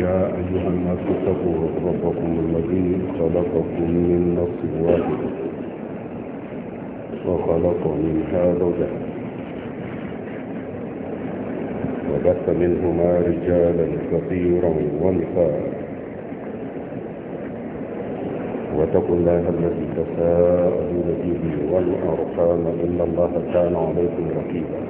يا أيها الناس اتقوا ربكم الذي خلقكم من نفس واحد وخلق منها زوجها وبث منهما رجالا كثيرا ونساء واتقوا الله الذي تساءلون به والأرحام إن الله كان عليكم رقيبا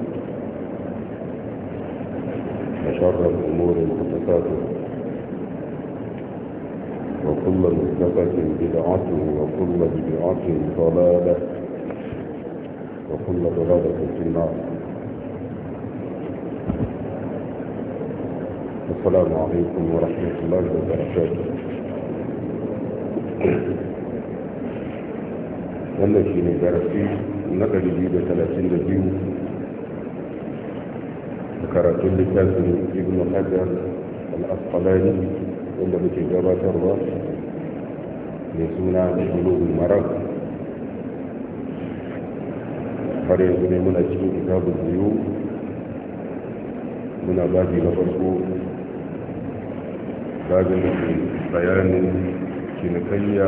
وشر الأمور محدثاتها وكل محدثة بدعة وكل بدعة ضلالة وكل ضلالة في النار السلام عليكم ورحمة الله وبركاته wannan shi ne garafi na 132 karatun littafin ibn hajar al-asqalani wanda muke gabatarwa mai suna bulughul maram har yanzu ne muna cikin kitabun biyu muna babi na farko babin bayanin cinikayya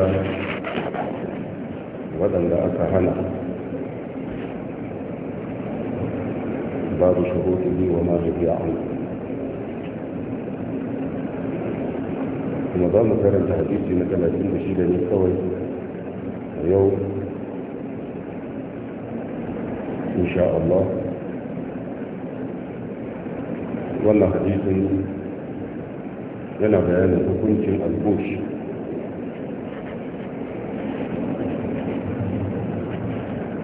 waɗanda aka hana باب شروطه وما يبيع عنه رمضان كان حديثي الحديث في شيء من الكوي اليوم إن شاء الله حديث لنا بيان الحكم في البوش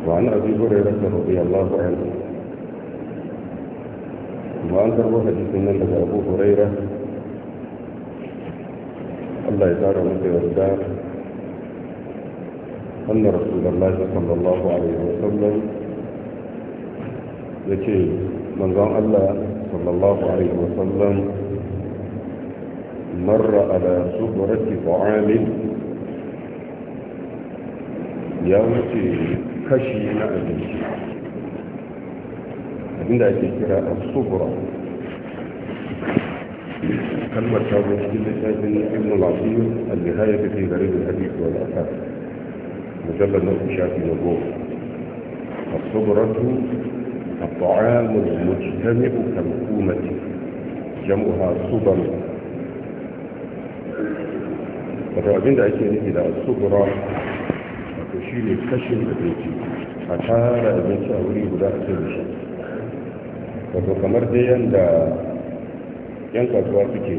وعن أبي هريرة رضي الله عنه an karbo hadisin nan daga abu huraira Allah ya tara muke yarda annar rasulullahi sallallahu alaihi wa sallam yace manzon Allah sallallahu alaihi wa sallam marra ala suburati ta'amin ya wuce kashi na abinci عندك القراءة الصبرة كلمة شابه جلسة من ابن العظيم النهاية في غريب الحديث والأساس مجلد نقل شافي نبوه الصبرة الطعام المجتمع كالكومة جمعها صبر فالرأبين دعي كانت إلى الصبرة وتشيل الكشف الأبنتي حتى لأبنتي أريد أحسن شيء wato kamar dai yadda yan kasuwa suke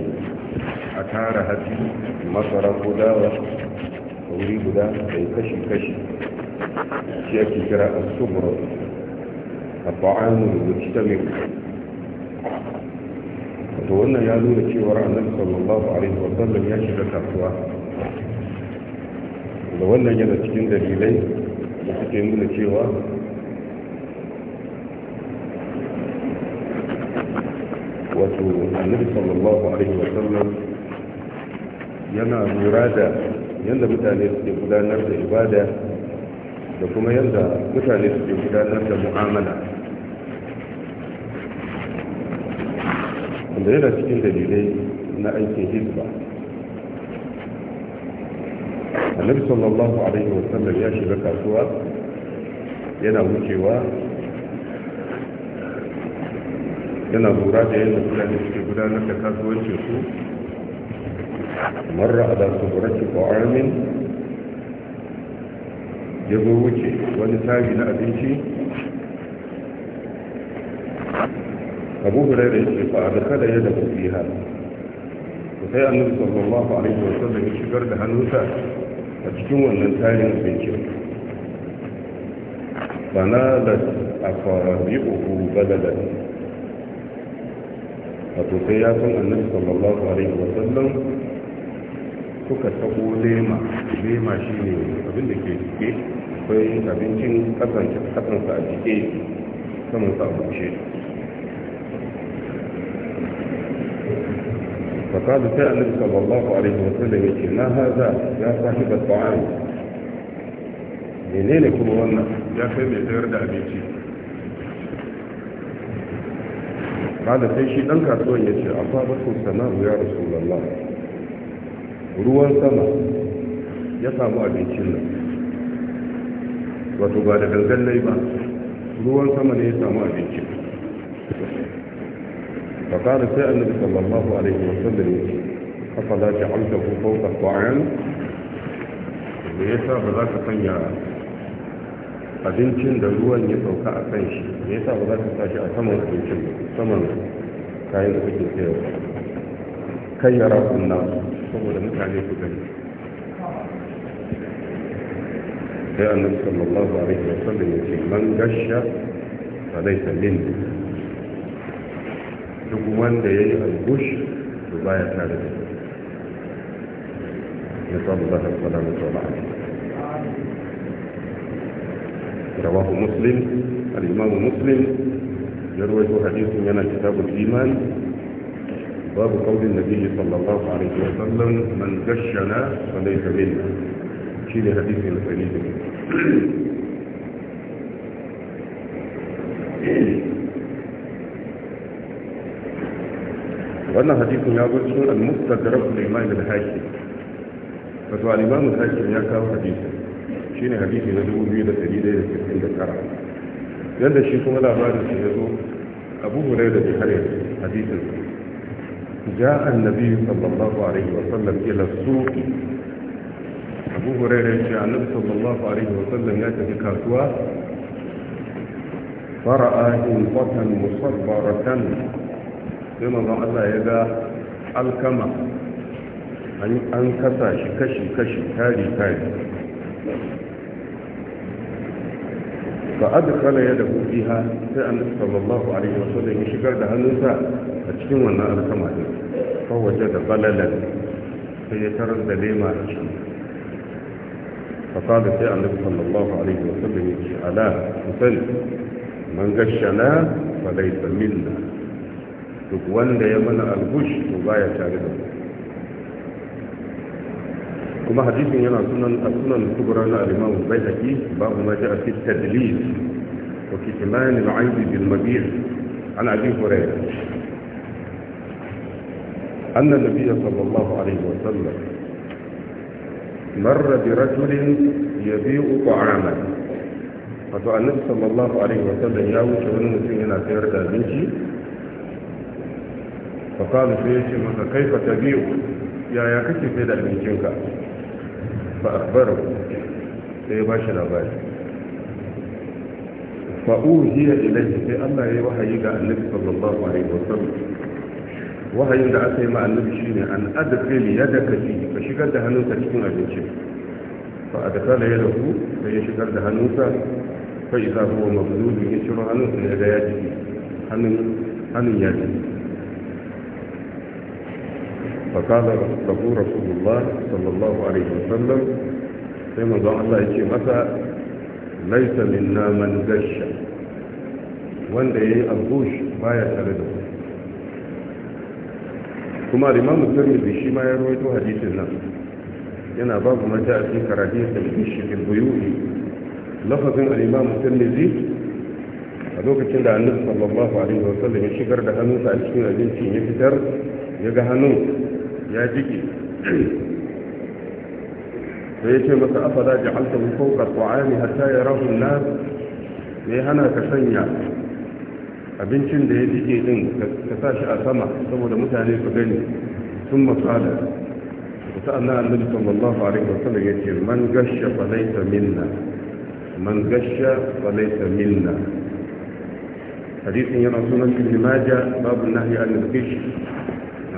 a tara hatsi masara ko dawa a wuri guda da kashi-kashi shi ake kira a tsubura a ta mujtamin wato wannan ya nuna cewar nan sallallahu alaihi wa sallam ya shiga kasuwa da wannan yana cikin dalilai da suke nuna cewa wato annabi sallallahu alaihi wa sallam yana lura da yadda mutane suke gudanar da ibada da kuma yadda mutane suke gudanar da mu'amala wanda yana cikin dalilai na aikin hizba annabi sallallahu alaihi wa sallam ya shiga kasuwa yana wucewa yana lura da yadda mutane suke gudanar da kasuwancin su marra ala ko armin ya zo wuce wani tari na abinci abu huraira da ce ba da kada ya da ku sai annabi sallallahu alaihi wa sallam ya shigar da hannunsa a cikin wannan tarin abincin bana da akwarabi uku badalan wato sai ya san annabi sallallahu alaihi wa sallam suka tabo lema lema shine abin da ke jike akwai abincin kasansa a jike saman sa a sai annabi sallallahu alaihi صلى الله عليه وسلم na haza ya صاحب الطعام menene kuma wannan ya kai mai tsayar da abinci kada sai shi ɗan kasuwan ya ce a sana'u ya rasulallah ruwan sama ya samu abincin nan wato ba da gangan ba ruwan sama ne ya samu abincin فقال سأل النبي صلى الله عليه وسلم أفلا جعلته فوق الطعام ليس بذلك سنيا abincin da ruwan ya sauka a kan shi ne yasa ba za ka sa a saman abincin saman kayan da kake sayarwa kai yara kunna saboda mutane su gani sai annabi sallallahu alaihi wa sallam ya ce man gasha fa laysa min duk wanda yayi albush to baya tare da ya samu zaka sallallahu alaihi wa sallam رواه مسلم الإمام مسلم يروي حديث من كتاب الإيمان باب قول النبي صلى الله عليه وسلم من غشنا فليس منا شيل حديث الحديث wannan hadisin ya gurcin al-mustadrak da imam al-hakim wato al-imam al ya kawo hadisin ne hadisi na 2169 yadda shi kuma labarin shi yazo abu hurairah da har hadisin جاء النبي صلى الله عليه وسلم إلى السوق أبو هريرة جاء النبي صلى الله عليه وسلم يأتي في كاسوة فرأى إنطة مصبرة sai manzon Allah ya ga alkama an kasa shi kashi-kashi tari-tari fa’adukala ya dafu fiha sai an sallallahu alaihi wasu da ya shigar da hannunsa a cikin wannan alkama ne kawace da balalar sai ya tarar da lema a ciki fasada sai an sallallahu alaihi wasu da ya ce ala kusan man gashi na falai tsamin duk wanda ya mana albush to baya tare da mu kuma hadisin yana sunan sunan kubra na al-imam al-baihaqi babu ma ja'a fi tadlis wa kitman al-aib bil mabir an abi hurairah anna an-nabiy sallallahu alayhi wa sallam مر برجل يبيع طعاما wato annabi sallallahu alaihi wa sallam ya wuce wani mutum yana sayar da abinci fa kana sai ya ce masa kaifa tabi'u yaya kake sai da abincinka fa akbara sai ya bashi labari fa uhiya ilayhi sai Allah ya wahayi ga Annabi sallallahu alaihi wasallam wahayin da aka yi ma Annabi shine an adkhil yadaka fi ka shigar da hannunka cikin abincin fa adkhala yadahu sai ya shigar da hannunsa fa idza huwa ya shiru hannun hannun فقال له رسول الله صلى الله عليه وسلم كما دعا الله يشي متى ليس منا من غش wanda ya yi albush baya tare da kuma limamu turmizi shi ma ya rawaito hadisin nan yana babu mata a cikin karatun talbishin buyu'i lafazin alimamu turmizi a lokacin da annabi sallallahu alaihi wa sallam ya shigar da hannunsa a cikin abincin ya fitar ya ga hannun ya jiƙe sai ya ce masa afala ja'alta min fawqa ta'ami hatta ya rahun na me hana ka sanya abincin da ya jike din ka sa shi a sama saboda mutane su gani sun ta sa'annan annabi sallallahu alaihi wasallam ya ce man gashsha fa minna man gashsha fa minna hadisin yana sunan ibn majah babu nahyi an al gish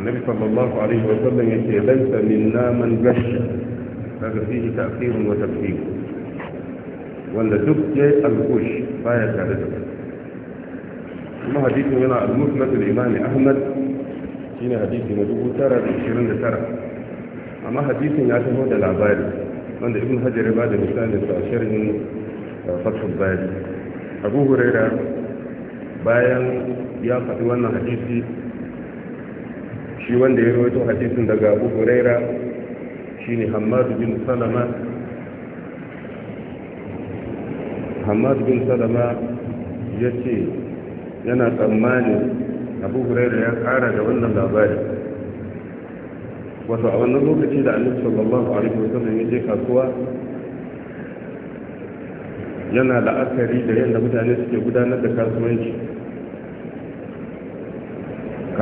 النبي صلى الله عليه وسلم يقول ليس منا من جش هذا فيه تأخير وتبهير ولا تبكي الغش فهي آية كارثة ثم حديث من المثلة الإمام أحمد هنا حديث مدوه ترى بشرين ترى أما حديث ياتي هو العباد عند ابن حجر بعد مثال تأشير من فتح الباري أبو هريرة بايا يا فتوانا حديثي shi wanda ya rawaito hadisin daga abu huraira shine hammadu bin salama hammadu bin salama ya ce yana tsammanin abu huraira ya kara da wannan labari wato a wannan lokaci da annabi sallallahu alaihi wasallam ya je kasuwa yana la'akari da yadda mutane suke gudanar da kasuwanci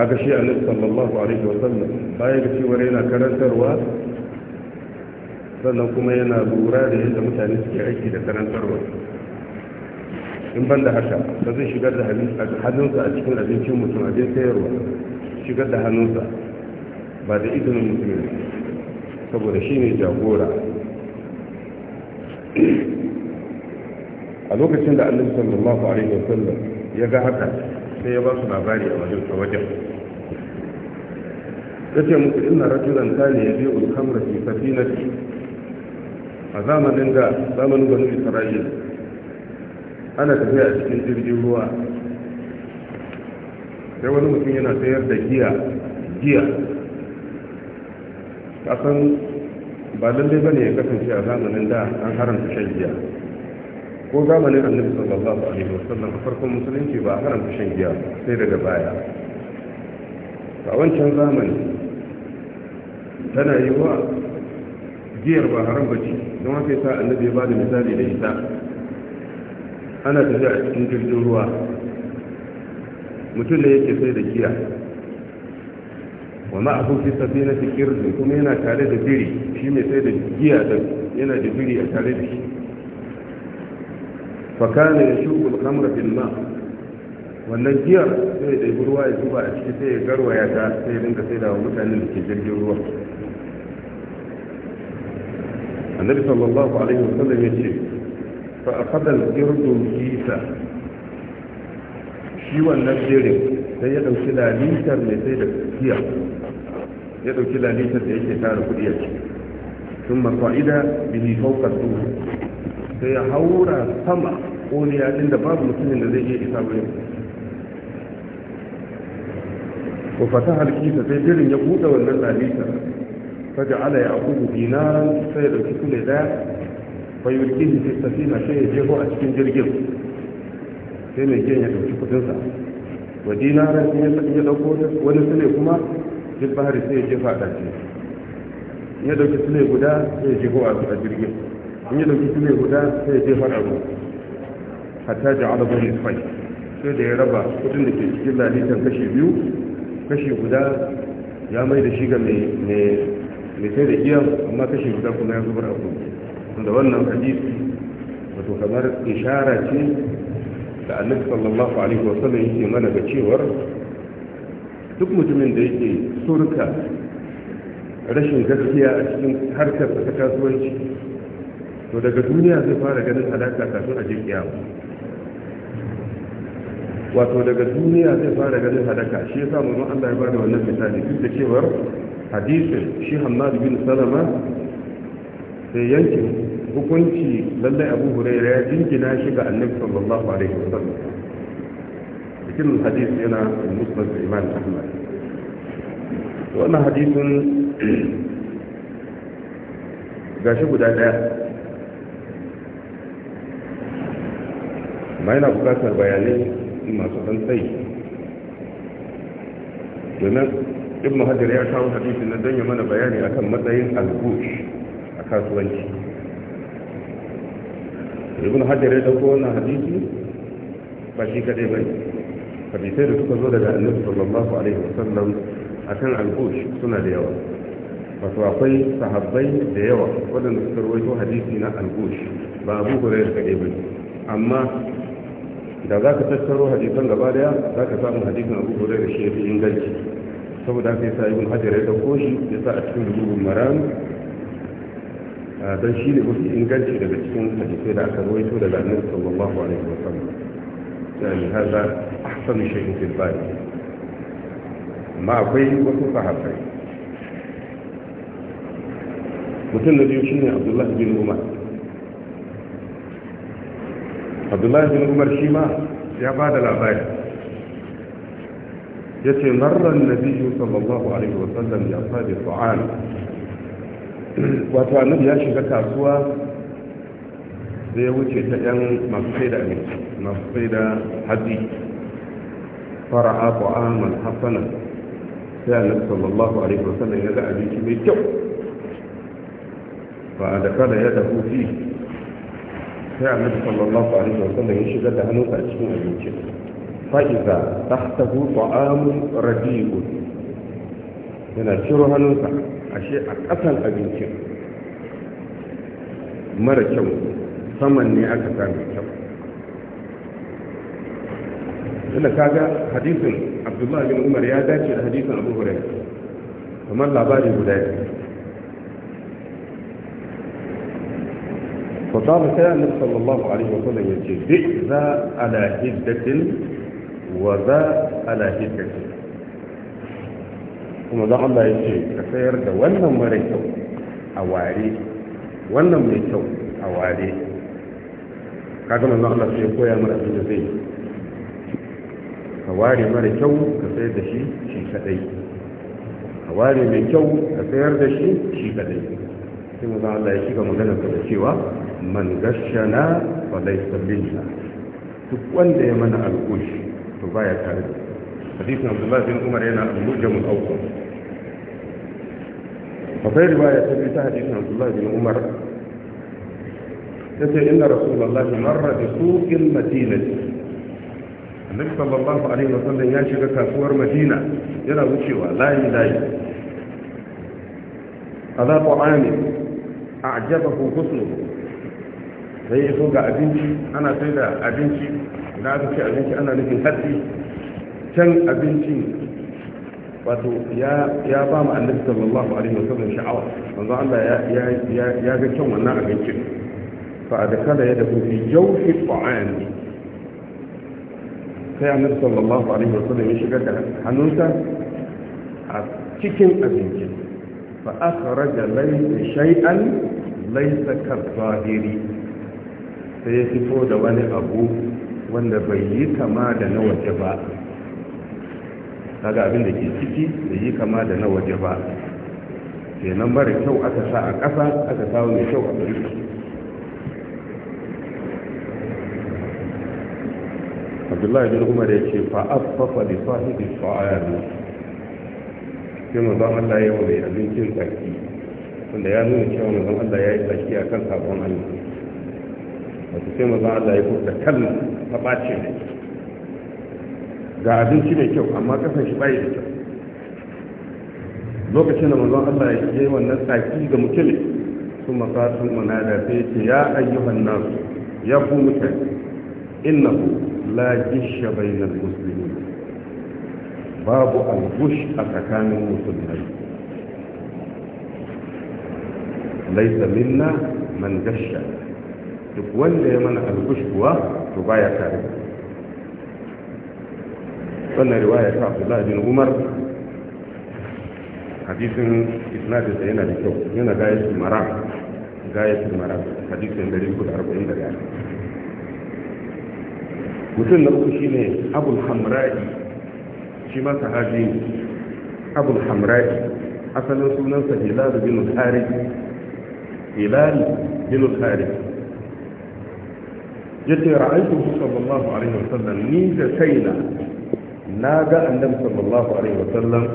kaga shi annabi sallallahu alaihi wa sallam baya ga cewa yana karantarwa sannan kuma yana lura da yadda mutane suke aiki da karantarwa in ban da haka ba zai shigar da hannunsa a cikin abincin mutum abin sayarwa shigar da hannunsa ba da izinin mutum saboda shi ne jagora a lokacin da annabi sallallahu alaihi wasallam ya ga haka sai ya ba su labari a wajen ya ce muku ina rajulan tani ya biyu kamar fi safinati a zamanin da zamanin banu isra'il ana tafiya a cikin jirgin ruwa sai wani mutum yana sayar da giya giya kasan ba lallai ba ne ya kasance a zamanin da an haramta shan giya ko zamanin annabi sallallahu alaihi wasallam a farkon musulunci ba haramta shan giya sai daga baya a wancan zamani tana yi wa giyar ba haram ba ce don haka yasa annabi ya bada misali da ita ana tafiya a cikin jirgin ruwa mutum da yake sai da giya wa ma'ahu fi na fi kirzi kuma yana tare da biri shi mai sai da giya da yana da biri a tare da shi fa kana yashuqu al-khamra bil wannan giyar sai da ruwa ya zuba a ciki sai ya garwaya ta sai ya dinga saidawa mutanen da ke jirgin ruwa annabi sallallahu alaihi wasallam ya ce fa aqada al-irdu kisa shi wannan jerin sai ya dauki lalitar mai sai da giya ya dauki lalitar da yake tara kudi a ciki thumma qa'ida bihi fawqa as-sur sai ya haura sama ko koliya din da babu mutumin da zai iya isa ba wafata kisa sai jirin ya buɗe wannan tsarisa ta da ala ya dinaran sai da ɗauki tule daya bai yi rikin sai ya jeho a cikin jirgin sai mai jen ya ɗauki kudinsa wa dinaran sai ya ɗauki ya ɗauko wani tule kuma jirgin sai ya jeho a ɗanci ya ɗauki tule guda sai ya jeho a jirgin in ya ɗauki tule guda sai ya jeho a ɗauko hatta ji ala bai sai da ya raba kudin da ke cikin lalitan kashe biyu kashi guda ya mai da shi ga mai sai da iya amma kashi guda kuma ya zubar abu wanda wannan hadisi wato kamar ishara ce da annabi sallallahu alaihi wa sallam yake mana ga cewar duk mutumin da yake surka rashin gaskiya a cikin harkar ta kasuwanci to daga duniya zai fara ganin alaka kafin a je kiyama wato daga duniya zai fara ganin hadaka, shi ya samu mun Allah ya bada wannan misali duk da cewar hadisin shi Hammad bin Salama sai yankin hukunci lallai Abu Hurairah ya jingina shi ga Annabi sallallahu alaihi wasallam cikin hadis yana Muslim da Imam Ahmad wannan hadisin gashi guda daya ma yana bukatar bayanai masu ɗan tsayi domin ibn hajar ya kawo hadisi na don yi mana bayani akan matsayin al-gush a kasuwanci ibn hajar ya dauko wannan hadisi ba shi kadai bai hadisai da suka zo daga annabi sallallahu alaihi wasallam akan al-gush suna da yawa wato akwai sahabbai da yawa waɗanda suka rawaito hadisi na al-gush ba abu da kadai ba amma da za ka tattaro hadisan gaba daya za ka samu hadisan abu hore da shi ya fi inganci saboda haka yasa ibn hajar ya dauko shi ya sa a cikin rububin maran dan shi ne mafi inganci daga cikin hadisai da aka rawaito daga annabi sallallahu alaihi wa sallam yani hada ahsanu shay'in fil bari amma akwai wasu sahabbai mutum na biyu shine abdullahi bin umar abdullahi bin umar shi ma ya ba da labari ya ce marar biyu sallallahu alaihi wasallam ya fadi su'an wato annabi ya shiga kasuwa da ya wuce ta yan masu sai da masu sai da haji fara'a ta'aman hasanan sai annabi sallallahu alaihi wasallam ya ga abinci mai kyau ba da kada ya dafu fi sai annabi sallallahu alaihi wasallam ya shigar da hannunsa a cikin abincin fa'iza tahtahu ta'amun radi'un yana ciro hannunsa ashe a kasan abincin mara kyau saman ne aka sami kyau tunda kaga hadisin abdullahi bin umar ya dace da hadisin abu hurairah kamar labari guda biyu فقال كان النبي صلى الله عليه وسلم يجي بئس على هدة وذا على هدة kuma don Allah ya ce ka sayar da wannan mara kyau a ware wannan mai kyau a ware kaga manzo Allah sai koya mana abin da zai ka ware mara kyau ka sayar da shi shi kadai ka ware mai kyau ka sayar da shi shi kadai sai manzon Allah ya shiga magana da cewa man gasha gashana wa laysa minna duk wanda ya mana alƙush to baya tare da hadisin Abdullah bin Umar yana al-mujamul awqaf akwai riwaya ta biyu ta hadisin Abdullah bin Umar yace inna rasulullahi marra bi suqil madinati annabi sallallahu alaihi wasallam ya shiga kasuwar madina yana wucewa layi layi A ala ta'amin a'jabahu husnuhu sai ya soga ga abinci ana sai da abinci da aka ce abinci ana nufin hatsi can abincin wato ya ba mu annabi sallallahu alaihi wasallam sha'awa manzo Allah ya ya ya ga kyan wannan abincin fa adkala yadahu fi jawfi ta'am sai annabi sallallahu alaihi wasallam ya shigar da hannunsa a cikin abincin fa akhraja laysa shay'an laysa kadhahiri sai ya fito da wani abu wanda bai yi kama da na waje ba Daga abin da ke ciki bai yi kama da na waje ba Sai nan mara kyau aka sa a ƙasa aka sa wani kyau a ƙarfi abdullahi bin umar ya ce fa'affafa da sahibi fa'ayar sai zan Allah ya yi mai abincin tsaki wanda ya nuna cewa zan Allah ya yi tsaki a kan sabon hannu wato sai zan Allah ya furta kalma ta ɓace ne ga abinci mai kyau amma kasan shi bai da kyau lokacin da zan Allah ya yi wannan tsaki ga mutumin sun mana da sai ce ya ayyuhan nasu ya ku mutane innahu la gisha bainal muslimin babu algush a tsakanin musulmai laisa minna man gasha duk wanda ya mana algush kuwa to baya tare wannan riwaya ta abdullahi bin umar hadisin isnadin sa yana da kyau yana gayatul maram gayatul maram hadisin 341 mutum na uku shine abul hamradi shi masa Hajji ne abul asalin sunansa hilal bin al-harith hilal bin al-harith yace ra'aytu sallallahu alaihi wa sallam ni da kaina na ga annabi sallallahu alaihi wa sallam.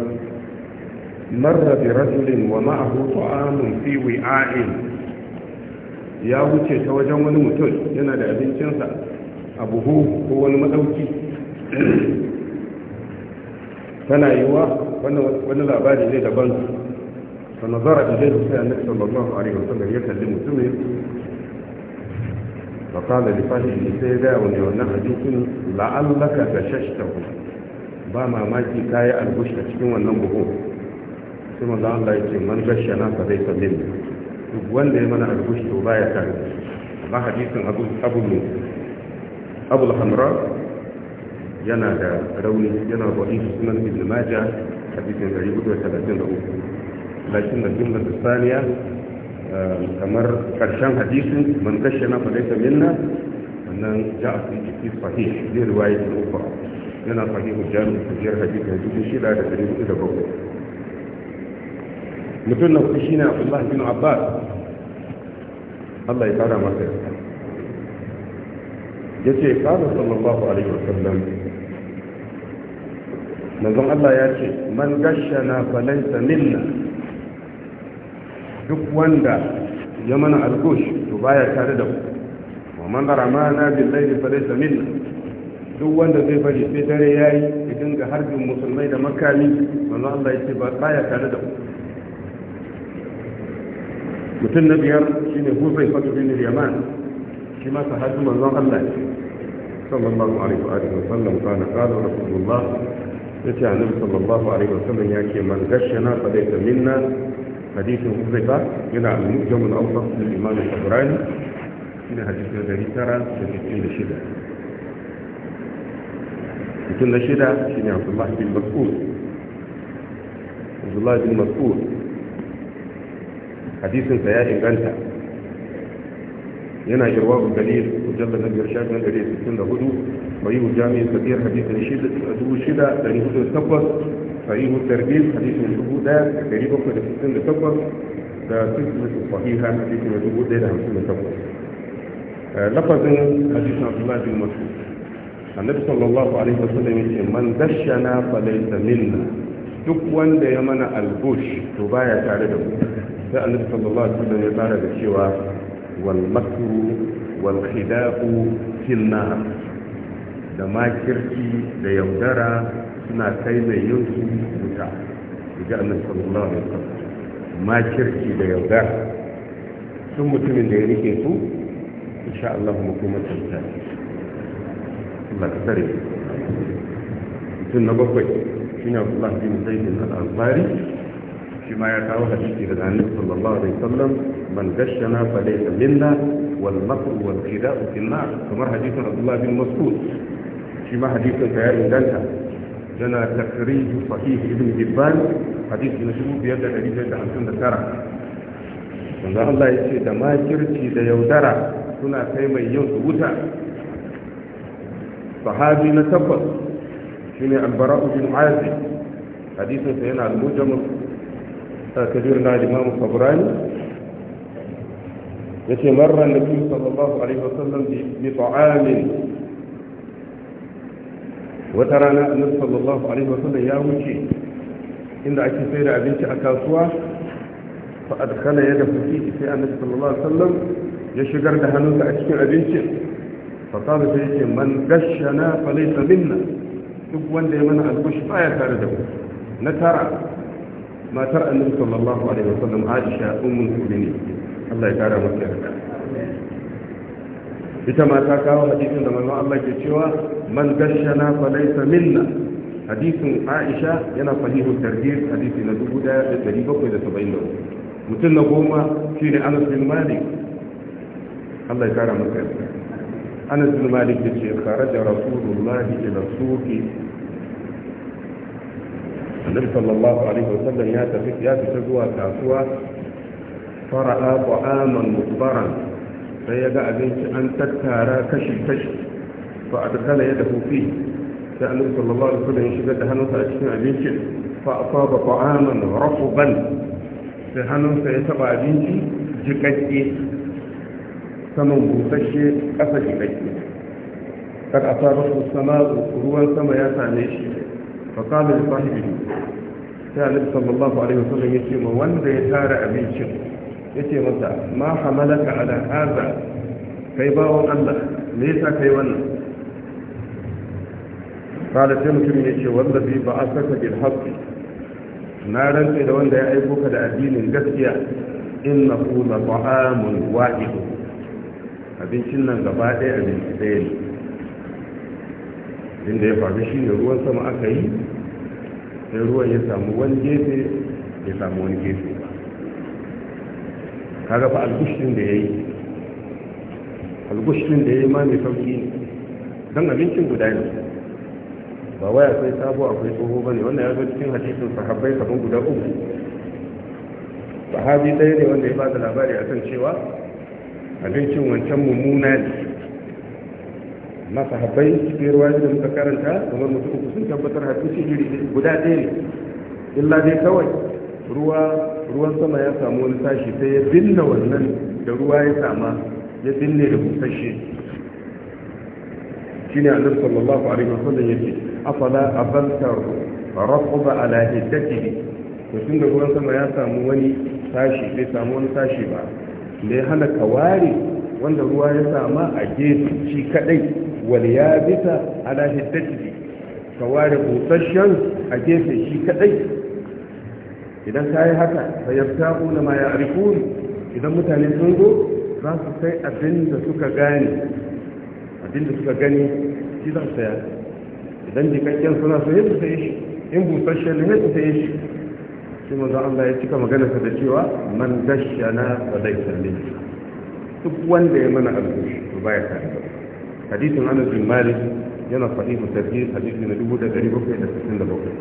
marra bi rajulin wa ma'ahu ta'amun fi wi'a'in ya wuce ta wajen wani mutum yana da abincinsa a buhu ko wani madauki tana yiwa wani labari ne daban ta nazara da ilayhi sai annabi sallallahu alaihi wasallam ya kalli mutum mutumin fa qala li fahimi sai da wani wannan hadisin la'allaka tashashtahu ba mamaki kayi albush a cikin wannan buhu sai manzo Allah yake man gashana fa dai sallim duk wanda ya mana albush to baya tare amma hadisin abu abu abu al-hamra yana da rauni yana da wani sunan ibn majah hadisin da da da yake sanadin uku lakin da jumla da saniya kamar karshen hadisin man kashe na falaita minna wannan ja a cikin fi sahih zai riwaya da uku yana sahihu jami'u tafiyar hadisin 6407 mutum na kuɗi shine abdullah bin abbas allah ya fara masa ya ce fara sallallahu alaihi wasallam manzon Allah ya ce man gasha gashana falaysa minna duk wanda ya mana algush to baya tare da mu wa man ramana bil layli falaysa minna duk wanda zai bari sai dare yayi idan ga harbin musulmai da makami manzon Allah ya ce ba baya tare da ku. mutum na biyar shine huzai fatu bin yaman shi ma sahabi manzon Allah sallallahu alaihi wa sallam kana qala rasulullah yace annabi sallallahu alaihi wasallam ya ce man gashana fa laysa minna hadithun huzaifa yana al-mujamul awsat lil imam al-tabrani shine hadisin dari tara da sittin da shida sittin da shida shine abdullah bin mas'ud abdullah bin mas'ud hadisin sa ya inganta لنا جواب الدليل وجب ان يرشد من الذي يكون له هدوء وهي الجامعه الكبير حديث الشدة ادو الشدة لان هدوء التقوى فهي التربيل حديث من الهدوء ده تقريبا في الستين التقوى ده سجن صحيحا حديث من الهدوء ده لهمسون التقوى لفظ حديث عبد الله بن مسعود النبي صلى الله عليه وسلم يقول من دشنا فليس منا تقوى ليمنع البوش تبايع تعرفه ده النبي صلى الله عليه وسلم يقول والمكر والخداع في النار da makirci da yaudara suna kai mai yin su wuta da annan sallallahu alaihi wasallam makirci da yaudara sun mutumin da ya rike su insha Allah mu kuma tsanta Allah ka tare mutum na bakwai shine Abdullah bin Zaid al-Ansari shi ma ya kawo hadisi da annabi sallallahu alaihi wasallam man gashana fa laysa minna wal makr wal khida'u fil nar kamar hadisin Abdullah bin Mas'ud shi ma hadisin ya inganta yana takriju sahih ibn Hibban hadisi na biyar da da da dari 5559 yanzu Allah ya ce da makirci da yaudara suna kai mai yau su wuta sahabi na tabbas shine albara bin azi hadisinsa yana al-mujammal kabir na limamu fabrani ya na biyu sallallahu alaihi wasallam bi wata rana annabi ya wuce inda ake sai da abinci a kasuwa fa adkhala yadahu fi sai annabi sallallahu alaihi wasallam ya shigar da hannunsa a cikin abincin fa qala sai yace man gashana duk wanda ya mana albush baya da na tara matar annabi sallallahu alaihi wasallam Aisha ummul mu'minin Allah ya kara mata yarda ita ma ta kawo hadisin da manzon Allah ke cewa man gashana fa laysa minna hadisin Aisha yana sahihu tarjih hadisi na 1773 mutum na goma shine Anas bin Malik Allah ya kara mata yarda Anas bin Malik ya ce kharaja rasulullahi ila suqi النبي صلى الله عليه وسلم يأتي تجوى كافوة فرأى طعاما مطبرا فيدع بنت أن تكتارا كشي كشي فأدخل يده فيه سأل صلى الله عليه وسلم يشبه دهنو سأجتمع بنت فأصاب طعاما رفبا دهنو سيتبع بنت جكتي سمو بوتشي أفجكتي قد أصابته السماء وقروا سمياتا نشي فقال لصاحبه sai alif sallallahu alaihi wasallam ya ce ma wanda ya tara abincin ya ce masa ma hamalaka ala haza kai bawon Allah me yasa kai wannan kada ya ce wanda bi ba asaka bil haqqi na rantsa da wanda ya aiko ka da addinin gaskiya innahu abincin nan gaba ɗaya abinci ɗaya ne inda da ya faru shi ne ruwan sama aka yi sai ruwan ya samu wani gefe ya samu wani gefe kaga fa algushin da ya yi algushin da ya yi ma mai sauki ne don abincin guda ne ba waya sai sabo akwai tsoho ba ne wannan ya zo cikin hadisin sahabbai kaman guda uku sahabi ɗaya ne wanda ya ba da labari a kan cewa abincin wancan mummuna ne amma sahabbai cikin ruwayoyi da muka karanta kamar mutum uku sun tabbatar hadisi iri guda ɗaya ne illa dai kawai ruwa ruwan sama ya samu wani tashi sai ya binne wannan da ruwa ya sama ya binne da busasshe shine annabi sallallahu alaihi wasallam yake afala abanta rafuba ala hiddatihi to tun da ruwan sama ya samu wani tashi bai samu wani tashi ba da hana ka wanda ruwa ya sama a gefe shi kadai waliyabita ala hiddati ka ware busasshen a gefe shi kadai idan ka yi haka fa ma ya ya'rifun idan mutane sun zo za su sai abin da suka gani, abin da suka gani shi za su saya idan jikakken suna su yadda sai shi in busasshen ne yadda sai shi shi maza Allah ya cika maganarsa da cewa man na wa laifin duk wanda ya mana alkushi to baya tare حديث انس بن مالك ينا صحيح التفسير حديث من ابو دري بوكي ده سن ده بوكي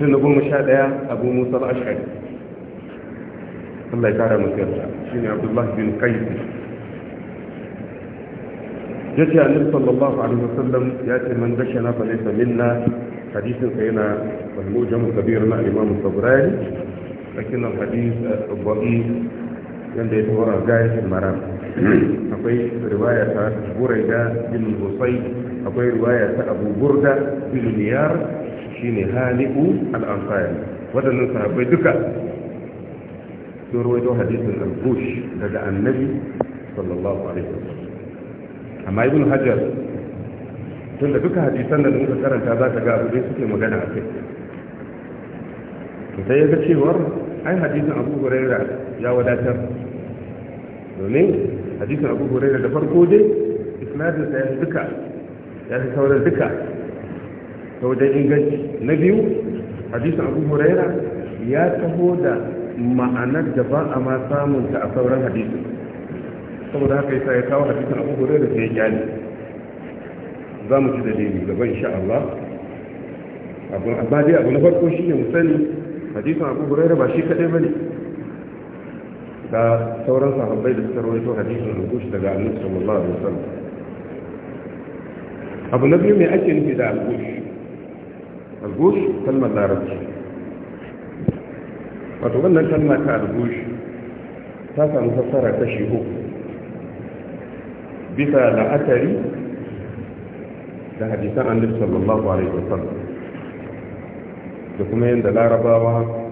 سن ابو مشاء ابو موسى الاشعري الله يكرم الخير شين عبد الله بن قيس جاء النبي صلى الله عليه وسلم ياتي من بشنا فليس منا حديث سيدنا والموجم كبير مع الامام الصبراي لكن الحديث الضئيل عند يتورى غايه المرام akwai riwaya ta buraida bin husay akwai riwaya ta abu burda bin niyar shine haliku al-ansari wadannan sahabbai duka sun rawaito hadisin al-bush daga annabi sallallahu alaihi wasallam amma ibn hajar da duka hadisan da muka karanta za ka ga abu dai suke magana a kai sai ya ga cewar ai hadisin abu hurairah ya wadatar domin hadisin abu hurairah da farko dai isnadin sa ya duka ya fi sauran duka ta wajen inganci na biyu hadisin abu hurairah ya taho da ma'anar da ba a ma samun ta a sauran hadisin saboda haka yasa ya kawo hadisin abu da sai ya kyale za mu ci dalili gaba insha Allah abu abadi abu na farko shine mu sani hadisin abu hurairah ba shi kadai bane فسورا صاحب بيد السرويته حديث المنكوش تبع النبي صلى الله عليه وسلم أبو نبي يمي أجل في ذا الغوش الغوش تلمى لا ربش فتغلنا تلمى كالغوش تاسع مفسرة تشيهو بفا لأتري ده عن النبي صلى الله عليه وسلم دكومين دلارة باوة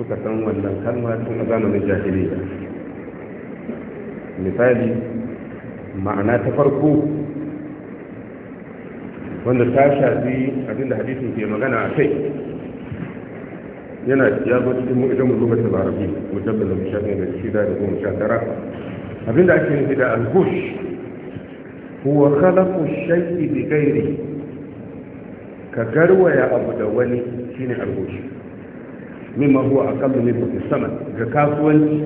suka san wannan kalma tun a zamanin jahiliya misali ma'ana ta farko wanda ta shafi abinda hadisin ke magana a kai yana ya zo cikin mu idan mu zuba ta barabi mujabbal da mushafin da shida da goma sha tara abinda ake nufi da al-hush huwa khalaqu shay'i bi ghairi ka garwaya abu da wani shine al-hush mimma huwa kan min kuɗi sama ga kasuwanci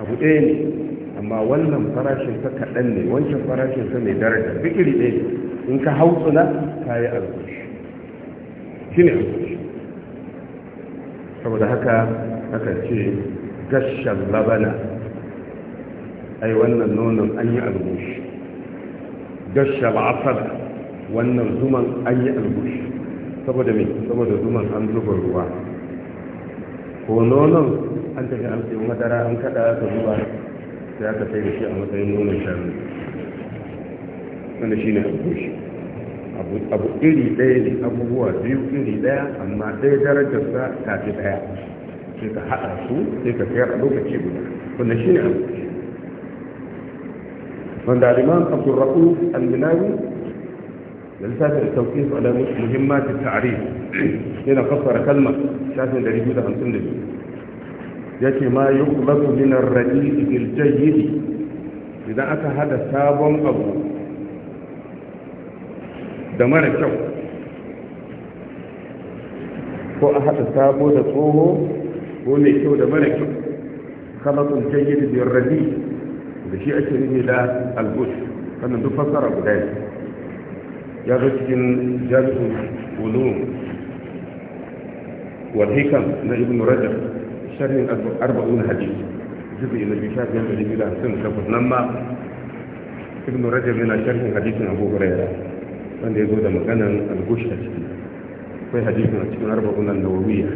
abu ɗaya ne amma wannan farashin ta kaɗan ne wancan farashin ta mai daraja fikiri ɗaya ne, in ka hautsuna ka yi alkushi shi ne alkushi saboda haka aka ce gashan labana ai wannan nonon an yi alkushi gashan asada wannan zuman an yi alkushi saboda mai saboda zuman an zuba ruwa ko nonon an tafi an sayi madara an kada aka zuba sai aka sai da shi a matsayin nonon shanu wanda shi ne abu shi abu iri ɗaya ne abubuwa biyu iri ɗaya amma ɗaya darajarsa ta fi ɗaya sai ka haɗa su sai ka kai a lokaci guda wanda shi ne abu wanda alimam abdurrahu al-minawi da littafin tauki su ala muhimmatin ta'arif yana fassara kalmar shafin 252 yace ma yuqbatu min ar-radi'i bil jayyid idan aka hada sabon abu da mara kyau ko a haɗa sabo da tsoho ko mai kyau da mara kyau kalasun jayyid bil radi da shi ake nufi da al-bush duk fassara guda ne يغتن جمع العلوم والحكم من ابن رجب شرح أربعون حديث جزء إلى بشاك ينبغي إلى حسن كفر لما ابن رجب من شرح حديث أبو هريرة عند يقول مكانا القشة في حديث من أربعون النووية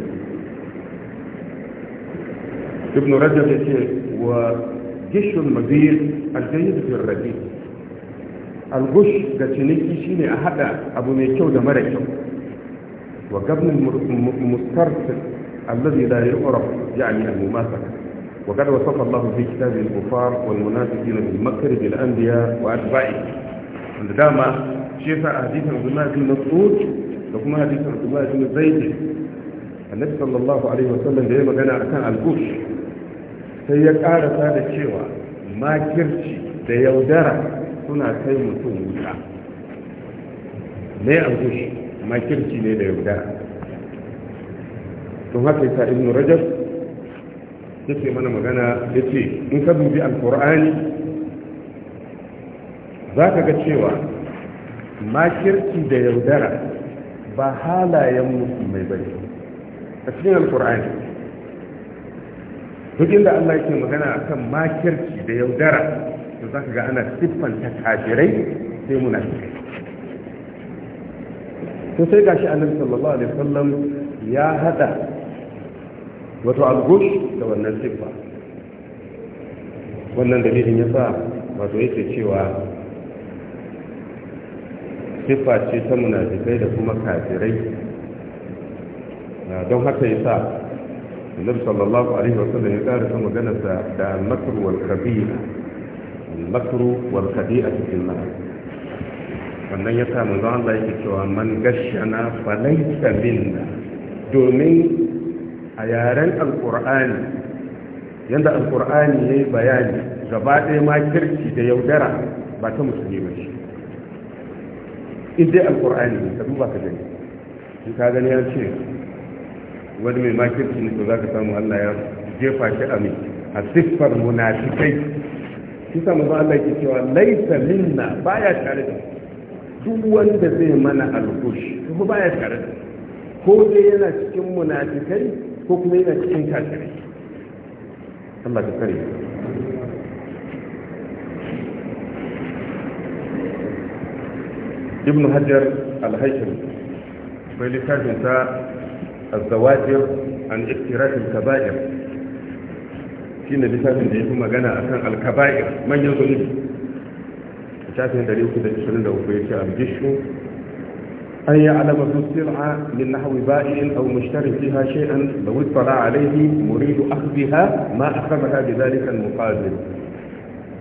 ابن رجب يقول وجيش المدير الجيد في الرديد algush ga ciniki shine a hada abu mai kyau da mara kyau wa gabnin mustarfin allazi la yu'raf ya'ni al-mumasaka wa qad wasafa Allahu fi kitabi al-kufar wal munafiqina bil makr bil anbiya wa atba'i da dama shi yasa hadisin Abdullah bin Mas'ud da kuma hadisin Abdullah bin Zaid annabi sallallahu alaihi wa sallam da ya magana akan al-gush sai ya karasa da cewa makirci da yaudara suna kai mutum wuta ne a gushi makirci ne da yaudara don haka ta ibn rajab ce mana magana ya ce in ka dubi alkur'ani za ka ga cewa makirci da yaudara ba halayen musulmai mai bari a cikin alkur'ani duk inda allah ke magana kan makirci da yaudara za ka ga ana siffanta kafirai sai muna munafikai to sai gashi annabi sallallahu alaihi wasallam ya hada wato al-gush da wannan siffa wannan dalilin yasa wato yake cewa siffa ce ta munafikai da kuma kafirai don haka yasa النبي صلى الله عليه وسلم يقال ثم جلس دع المكر والخبيث al-makru wal khadi'atu fil nar wannan ya samu zan Allah yake cewa man gashana falaysa minna domin a yaren yadda yanda ya yi bayani gaba ɗaya ma kirki da yaudara ba ta musulmi ba shi in dai ne ka duba ka gani in ka gani ya ce wani mai makirci ne to za ka samu Allah ya jefa shi a mai a siffar munafikai kisa sa manzo Allah ke cewa laisa minna baya tare da duk wanda zai mana alkush kuma baya tare da ko dai yana cikin munafikai ko kuma yana cikin kafirai Allah ka kare ibn hajar al-haytham bai littafin sa الزواجر an اقتراف kaba'ir shine littafin da ya fi magana akan alkaba'ir manyan zunubi shafin 323 ya ce al-jishu أن يعلم ذو السلعة من نحو بائع أو مشتري فيها شيئا لو اطلع عليه مريد أخذها ما أخذها بذلك المقابل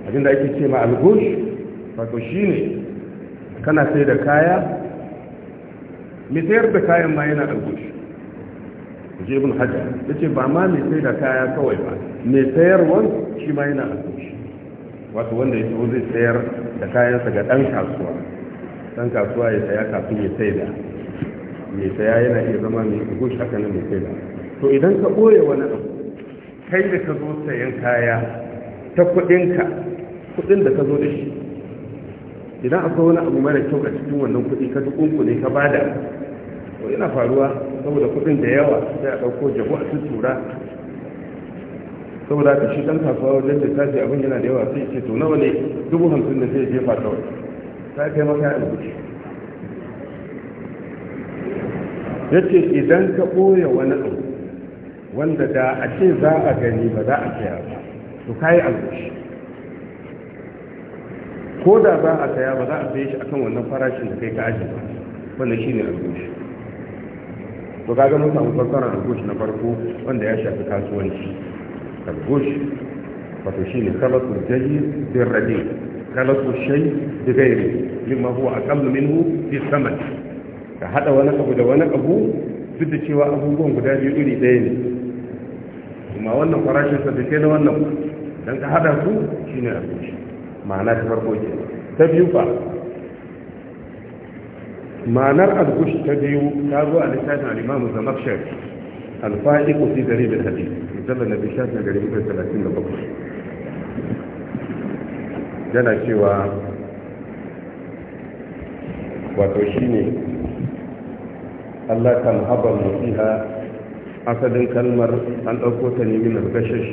abinda ake ce ma algush wato shine kana sai da kaya mai sayar da kayan ma yana algush ji ibn hajar yace ba ma mai sai da kaya kawai ba mai sayarwan shi ma yana alkoshi wato wanda ya so zai sayar da kayansa ga ɗan kasuwa ɗan kasuwa ya saya kafin ya sai da mai saya yana iya zama mai alkoshi haka na mai sai da to idan ka ɓoye wani abu kai da ka zo sayan kaya ta kuɗinka kuɗin da ka zo da shi idan akwai wani abu mara kyau a cikin wannan kuɗi ka tukunku ne ka bada to yana faruwa saboda kudin da yawa sai a ɗauko jabu a tura saboda ka shi ɗan kasuwa wajen da tashi abin yana da yawa sai ce to nawa ne dubu hamsin da zai jefa ta wani ta kai maka ya rubuce ya ce idan ka ɓoye wani abu wanda da a ce za a gani ba za a saya ba to yi albushi ko da za a saya ba za a saye shi akan wannan farashin da kai ka ajiye ba wannan shine albushi to kaga mun samu fassara al-gush na farko wanda ya shafi kasuwanci al-gush wato shine kalatul jayyid bir radi kalatul shay bi ghairi mimma huwa aqallu minhu fi thaman ka hada wani abu da wani abu duk da cewa abubuwan guda biyu iri ɗaya ne kuma wannan farashin sa da na wannan dan ka hada su shine al-gush ma'ana ta farko ke ta biyu fa ma'anar al-gush ta biyu ta zo a littafin al-imamu zamakshar alfa'i faiq fi gari bil hadith na nabi na gari talatin da bakwai. yana cewa wato shi ne Allah kan haba musiha asalin kalmar an ɗauko ta ne min al-gashash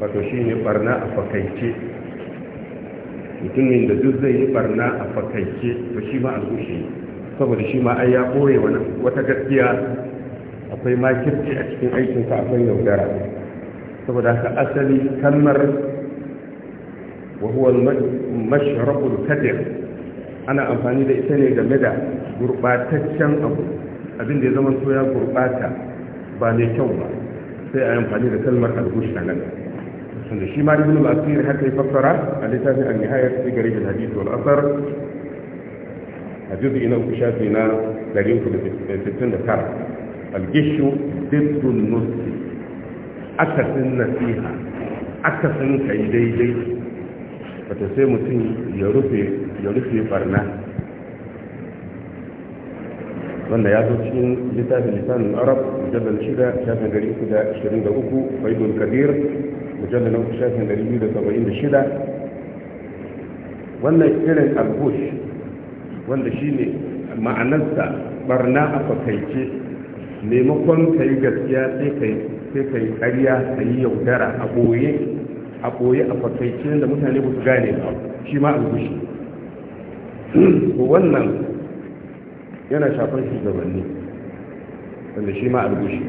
wato ne ɓarna a fakaice mutumin da duk zai yi barna a fakance to shi ma algushi saboda shi ma ai ya ɓoye wata gaskiya akwai makirci a cikin aikinsa akwai yaudara saboda haka asali kalmar wa huwa mashrabul kadir ana amfani da ita ne game da gurbataccen abu abin da ya zama so ya gurbata ba mai kyau ba sai a yi amfani da kalmar algushi nan شيما ابن الأثير حتى يفسر الإثاث النهاية في قريب الحديث والأثر الجزء إنه في شاسنا لريوك الستين بكار الجيش ضد النص أكثر سنة فيها أكثر سنة كيدي دي فتسيمتين يرثي يرثي برناه wanda ya zo cikin littafin lisanin arab mujallar shida shafin gari uku da ashirin da uku faidul kabir mujallar na uku shafin gari biyu da saba'in da shida wannan irin albush wanda shi ne ma'anarsa barna a fakaice maimakon ka yi gaskiya sai ka yi karya ka yi yaudara a ɓoye a ɓoye a fakaice da mutane ba su gane ba shi ma albushi wannan yana shafar shugabanni wanda shi ma algushi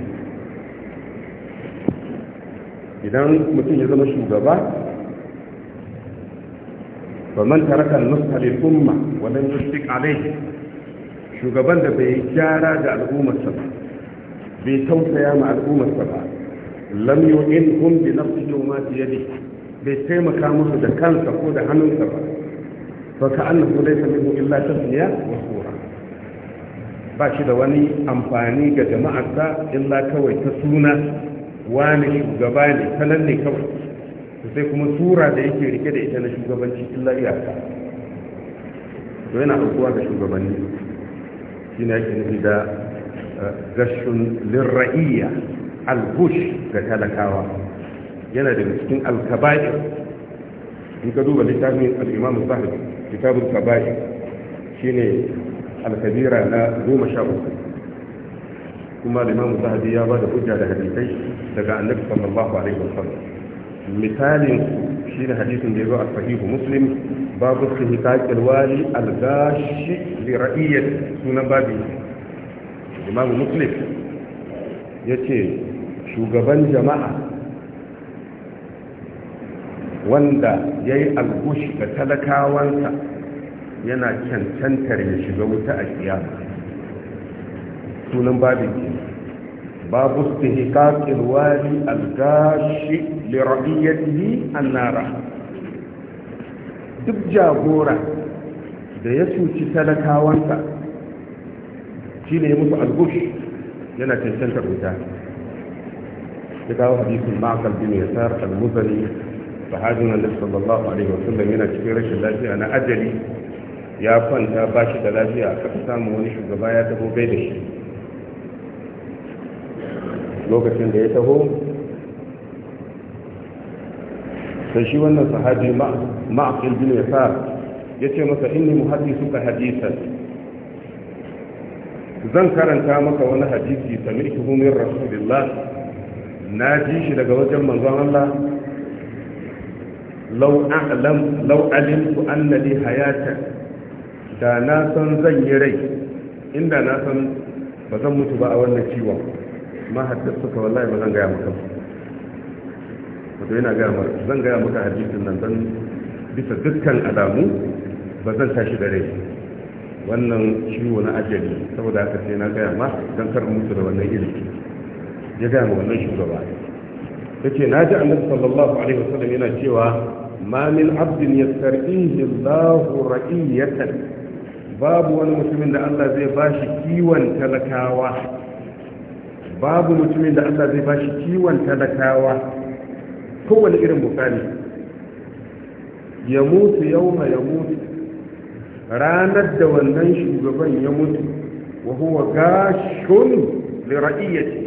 idan mutum ya zama shugaba faman tarakan nushalin umma wadan yustik alaihi shugaban da bai gyara da al'ummarsa ba bai tausaya ma al'ummarsa ba lam yu'in hum bi nafsihi ma bai taimaka musu da kansa ko da hannunsa ba ba ka annahu laysa minhu illa tasniya wa ba shi da wani amfani ga jama'arsa illa kawai ta suna wani shugaba ne kalan ne kawai sai kuma sura da yake rike da ita na shugabanci illa iyaka to yana aukuwa ga shugabanni shi ne yake nufi da eh, gashun lirra'iyya bush ga talakawa yana da cikin al kabair in ka duba littafin al-imam sahib kitabul kaba'ir shine alkabira na goma sha uku kuma limamu sahabi ya ba da hujja da hadisai daga annabi sallallahu alaihi wasallam misalin shi ne hadisin da ya zo a sahihu muslim babu istihqaqil wali al-gashi li ra'iyyat sunan babi imamu muslim yace shugaban jama'a wanda yayi algushi ga talakawansa yana cancantar ya shiga wuta a kiyama sunan babin ke babu istihqaqil wali al-gashi li ra'iyatihi an-nara duk jagora da ya cuci talakawansa shine musu al yana cancantar wuta ya kawo hadisun ma'akal bin tsara al-muzani sahabin annabi sallallahu alaihi da yana cikin rashin lafiya na ajali ya kwanta ba shi da lafiya a fi samun wani shugaba ya taho bai da shi lokacin da ya taho sai shi wannan sahabi ma'afil bin yasar ya ce masa inni suka hadisan zan karanta maka wani hadisi sami min rasulillah na ji shi daga wajen manzon Allah law a'lam law alimtu hayatan da na san zan yi rai inda na san ba zan mutu ba a wannan ciwon ma haddasa ka wallahi ba zan gaya maka wato ina gaya maka zan gaya maka hadisin nan dan bisa dukkan alamu ba zan tashi da rai wannan ciwo na ajali saboda haka sai na gaya ma don kar mutu da wannan ilimi ya gaya ma wannan shugaba yace na ji annabi sallallahu alaihi wasallam yana cewa ma min abdin yastar'ihi Allahu ra'iyatan babu wani mutumin da Allah zai bashi kiwon talakawa babu mutumin da Allah zai ba shi kiwon talakawa kowane irin bukari ya mutu yau ma ya mutu ranar da wannan shugaban ya mutu wa huwa gashun lira'iyyati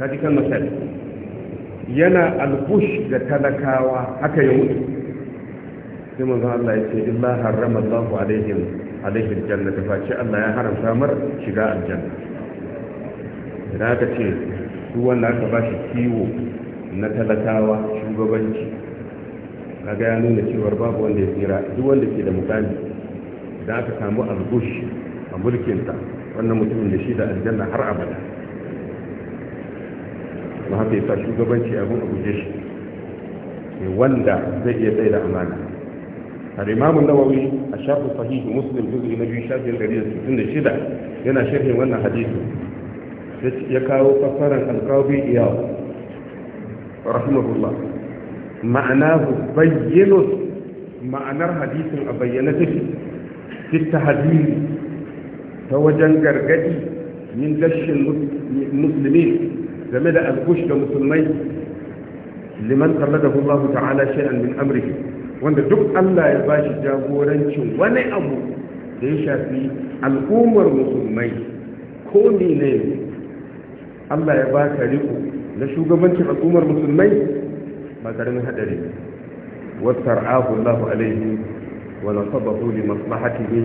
kaji kan misali yana albush ga talakawa haka ya mutu sai manzon Allah ya ce illa harrama Allahu alaihim alaihi aljanna fa ce Allah ya haramta mar shiga aljanna idan aka ce duk wanda aka ba shi kiwo na talakawa shugabanci kaga ya nuna cewar babu wanda ya tsira duk wanda ke da mukami idan aka samu albush a mulkinta wannan mutumin da shi da aljanna har abada ma haka yasa shugabanci abin a guje shi wanda zai iya tsaye da amana al-imam an-nawawi a shafin sahih muslim juz'i na biyu shafin 166 yana sharhin wannan hadisi ya kawo fassaran al-qawbi iyaw rahimahullah ma'anahu bayyinus ma'anar hadisin a bayyana take fi tahdhiri ta wajen gargadi min gashin musulmi game da al-gush da musulmai liman qalladahu Allah ta'ala shay'an min amrihi wanda duk Allah ya bashi jagorancin wani abu da ya shafi al'ummar musulmai ko ne ne Allah ya baka riko na shugabancin al'ummar musulmai ba karamin hadari wasar ahullahu alaihi wa nasabahu li maslahatihi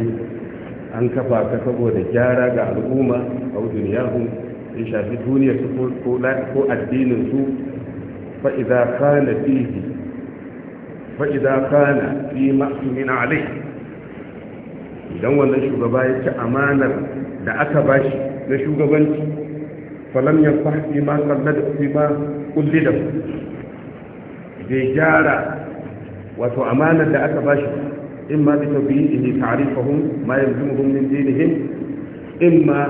an kafa ka saboda gyara ga al'umma a yahu. ya shafi duniya su ko addinin su fa idza kana fihi fa'iza kana fi ma'asumin alai idan wannan shugaba ya ci amanar da aka bashi na shugabanci falam ya fahimci ma kallar fi ma kulli da bai gyara wato amanar da aka bashi in ma bi tafiye ne tarifahun ma yanzu muhimmin jinihin in ma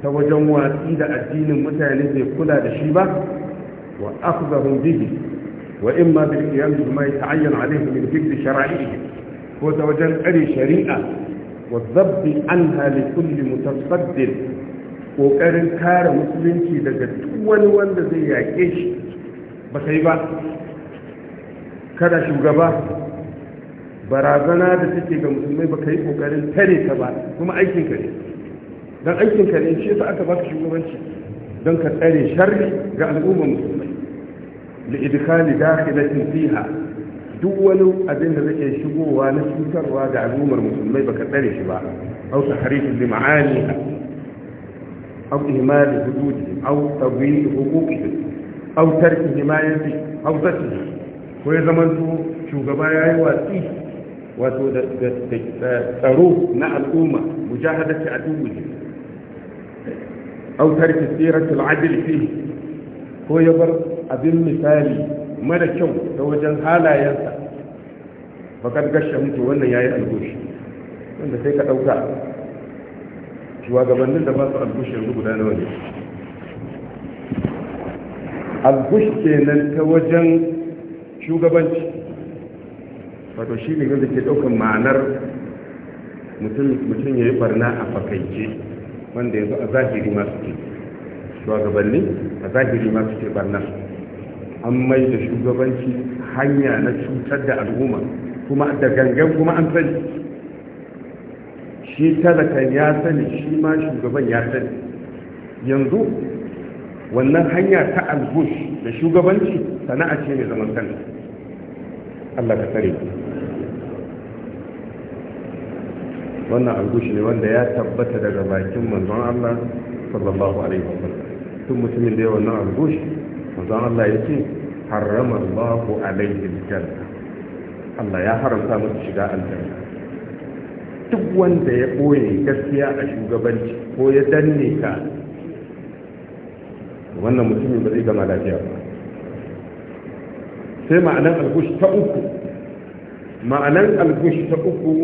ta wajen watsi da addinin mutane bai kula da shi ba wa afu afzahun bihi وإما بالقيام بما يتعين عليه من فكر شرعيه هو توجد أري شريعة والضبط عنها لكل متصدر ƙoƙarin kare musulunci daga duk wani wanda zai yaƙe shi ba sai ba kada shugaba barazana da take ga musulmai ba ka ƙoƙarin tare ta ba kuma aikinka ne don aikinka ne shi yasa aka baka shugabanci don ka ga al'ummar musulmai لإدخال داخلة فيها دول أدنى شبو يشبه ونسوك الرادع الوم المسلمة بكتل شبه أو تحريف لمعانيها أو إهمال حدودهم أو تضييق حقوقهم أو ترك حمايته أو ذاته وإذا ما أنتم شوك بايا يواتيه وتروه مع الأمة مجاهدة عدوه أو ترك سيرة العدل فيه ko ya bar abin misali mara kyau ta wajen halayensa bakar gashe mutu wannan ya yi algushi wanda sai ka ɗauka shugabannin da ba su algushi yanzu guda nawa ne algushi kenan ta wajen shugabanci wato shi ne yadda ke ɗaukar ma'anar mutum ya yi barna a fakaice wanda yanzu a zahiri masu ke shugabanni a zahiri ma suke barna an mai da shugabanci hanya na cutar da al'umma kuma da gangan kuma an sani shi talakan ya sani shi ma shugaban ya sani yanzu wannan hanya ta algush da shugabanci sana'a ce mai zaman kanta Allah ka tsare wannan algush ne wanda ya tabbata daga bakin manzon Allah sallallahu alaihi wasallam duk mutumin da ya wannan algush manzon Allah ya ce harrama a laifin aljanna Allah ya haramta mutu shiga aljanna duk wanda ya ɓoye gaskiya a shugabanci ko ya danne ka wannan mutumin ba zai gama lafiya ba sai ma'anan algush ta uku ma'anan algush ta uku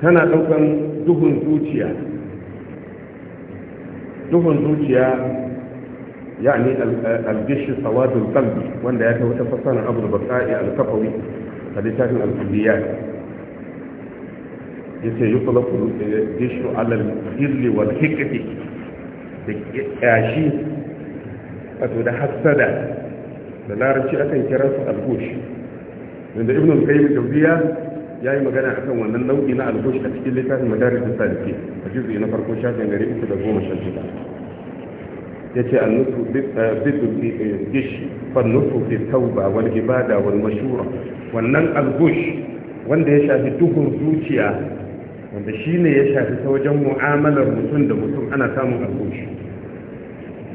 tana ɗaukan duhun zuciya دهن زوجيا يعني الجيش صواد القلبي وان ده يتوى تفصان ابو البقاء الكفوي فليتاكن الكليات يسي يطلق الجيش على الجل والحكة بكعشين فتو ده حسد لنا كرس الجوش من ابن القيم الجوزية ya yi magana akan wannan nau'i na albush a cikin littafin madarisun salike a jirgi na farko shafin gari uku da goma shan shida ya ce annusu bidul eh, gishi fannusu fi eh, tauba wal ibada wal mashura wannan albush wanda ya shafi duhun zuciya wanda shi ne ya shafi ta wajen mu'amalar mutum da mutum ana samun albush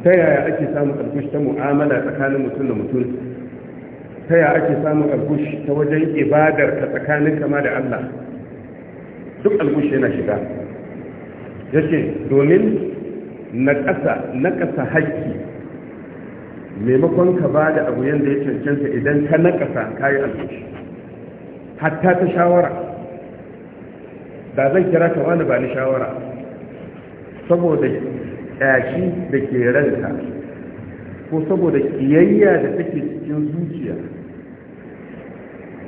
ta yaya ake samun albush ta mu'amala tsakanin mutum da mutum ta ya ake samun algush ta wajen ibadar ka tsakanin kama da Allah duk algush yana shiga ya ce domin na ƙasa na ƙasa haƙƙi maimakon ka ba da abu yadda ya cancanta idan ka na ƙasa ka yi algush hatta ta shawara da zan kira ka wani ba ni shawara saboda ƙyashi da ke ranta. ko saboda kiyayya da take cikin zuciya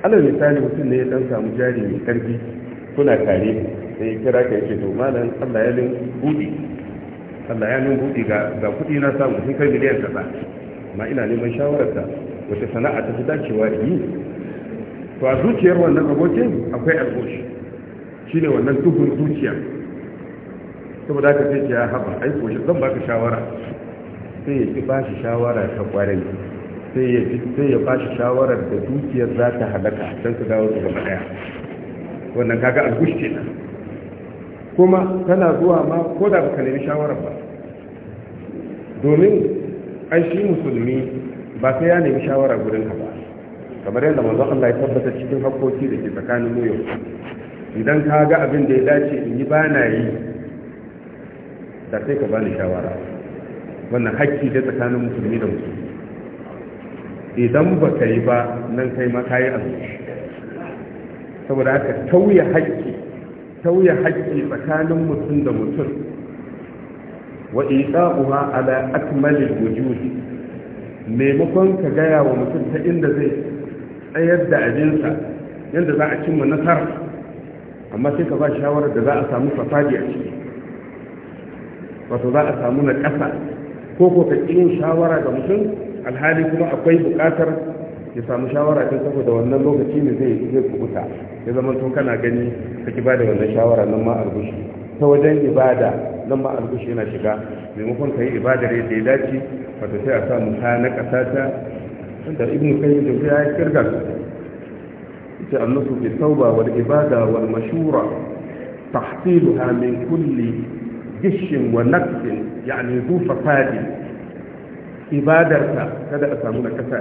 alal misali mutum ne ya dan samu jari mai karfi kuna tare sai kira ka yace to malam Allah ya lin budi Allah ya lin budi ga ga kudi na samu sun kai miliyan ba. amma ina neman shawarar ta wace sana'a ta dacewa dacewa yi to a zuciyar wannan abokin akwai Shi shine wannan tuhun zuciya saboda ka ce ya haba ai ko zan baka shawara sai ya ba shi shawara ta kwarin sai ya ba shi shawarar da dukiyar za ta halaka don su dawo su gaba daya wannan kaga algush na kuma tana zuwa ma ko da baka nemi shawarar ba domin an shi musulmi ba sai ya nemi shawara gudun ka ba kamar yadda manzon Allah ya tabbata cikin hakkoki da ke tsakanin mu yau idan ka ga abin da ya dace in yi bana yi da sai ka bani shawara wannan hakki da tsakanin musulmi da musulmi idan ba ka yi ba nan kai ma ka yi saboda haka tauye hakki tauye tsakanin mutum da mutum wa iqa'uha ala akmali wujud maimakon ka gaya wa mutum ta inda zai tsayar da abinsa yadda za a cimma nasara amma sai ka ba shawarar da za a samu fasadi a ciki wato za a samu na ƙasa ko ko ka yin shawara ga mutum alhali kuma akwai buƙatar ya samu shawara din saboda wannan lokaci ne zai zai kubuta ya zama to kana gani ka ba da wannan shawara nan ma albushi ta wajen ibada nan ma albushi yana shiga maimakon ka yi ibadar yadda ya dace wato sai a samu ta na kasata da ibnu kayyim da ya kirga ita annasu bi tauba wal ibada wal mashura tahsiluha min kulli جش ونقص يعني zufa فساد ibadarka kada a samu na kasa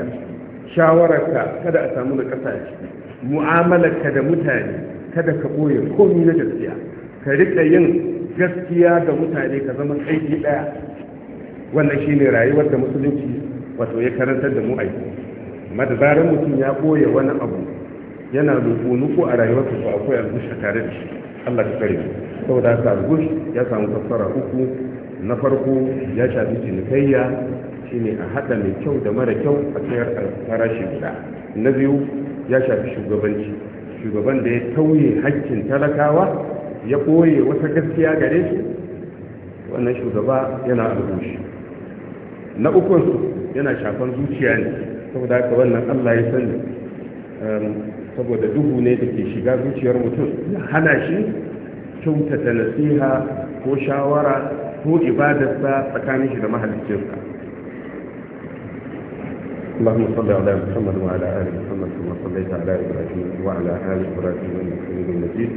shawararka kada a samu na kasa mu'amalarka da mutane kada ka ɓoye komi na gaskiya ka rika yin gaskiya ga mutane ka zama aiki ɗaya wannan shine rayuwar da musulunci wato ya karantar da mu aiki amma da mutum ya ɓoye wani abu yana rufu nuku a rayuwarsa ko akwai albushi tare da shi Allah ka tsare saboda haka al ya samu fassara uku na farko ya shafi cinikayya shine a hada mai kyau da mara kyau a tsayar farashi guda na biyu ya shafi shugabanci shugaban da ya tauye hakkin talakawa ya koye wata gaskiya gare su wannan shugaba yana al na ukun yana shafan zuciya ne saboda haka wannan Allah ya sani um, saboda duhu ne da ke shiga zuciyar mutum ya hana shi kyautata nasiha ko shawara ko ibadarsa tsakanin shi da mahalicinsa اللهم صل على محمد وعلى ال محمد كما صليت على ابراهيم وعلى ال ابراهيم انك حميد مجيد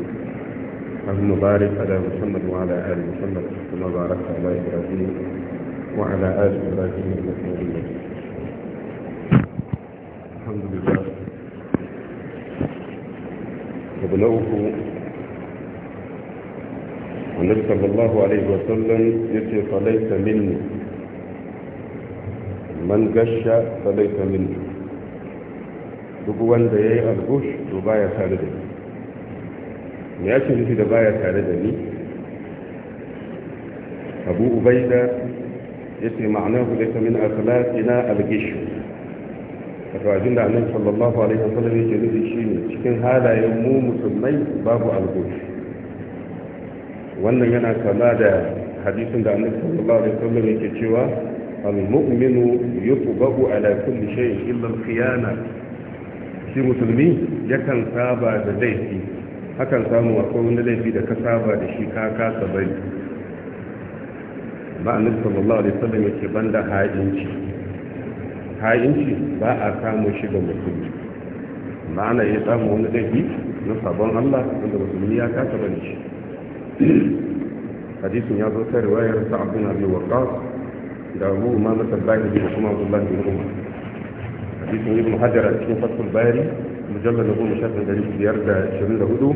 اللهم بارك على محمد وعلى ال محمد كما باركت على ابراهيم وعلى ال ابراهيم انك حميد مجيد الحمد لله abu na uku annabi sallallahu alaihi wasallam ya ce falaita man gasha falaita minni duk wanda ya yi algush to baya tare da ni ya ce nufi tare da ni rajin da annabi sallallahu alaihi wasallam yake nufi shine cikin halayen mu musulmai babu alkohol wannan yana kama da hadisin da annabi sallallahu alaihi wasallam yake cewa al-mu'minu yutbahu ala kulli shay'in illa al-khiyana shi musulmi yakan saba da laifi hakan samu akwai wani laifi da ka saba da shi ka kasa bari ba annabi sallallahu alaihi wasallam yake banda ha'inci ha'inci ba a samun shi ga musulmi ba ana iya samun wani ɗabi na sabon Allah wanda musulmi ya kasa bane shi hadisun ya zo ta riwayar ta abin abin waqas da abu ma na tabbaki da kuma abdullahi da umar hadisun ibn hajar a cikin fasfur bayari mujallar na goma shafin dari biyar da ashirin da hudu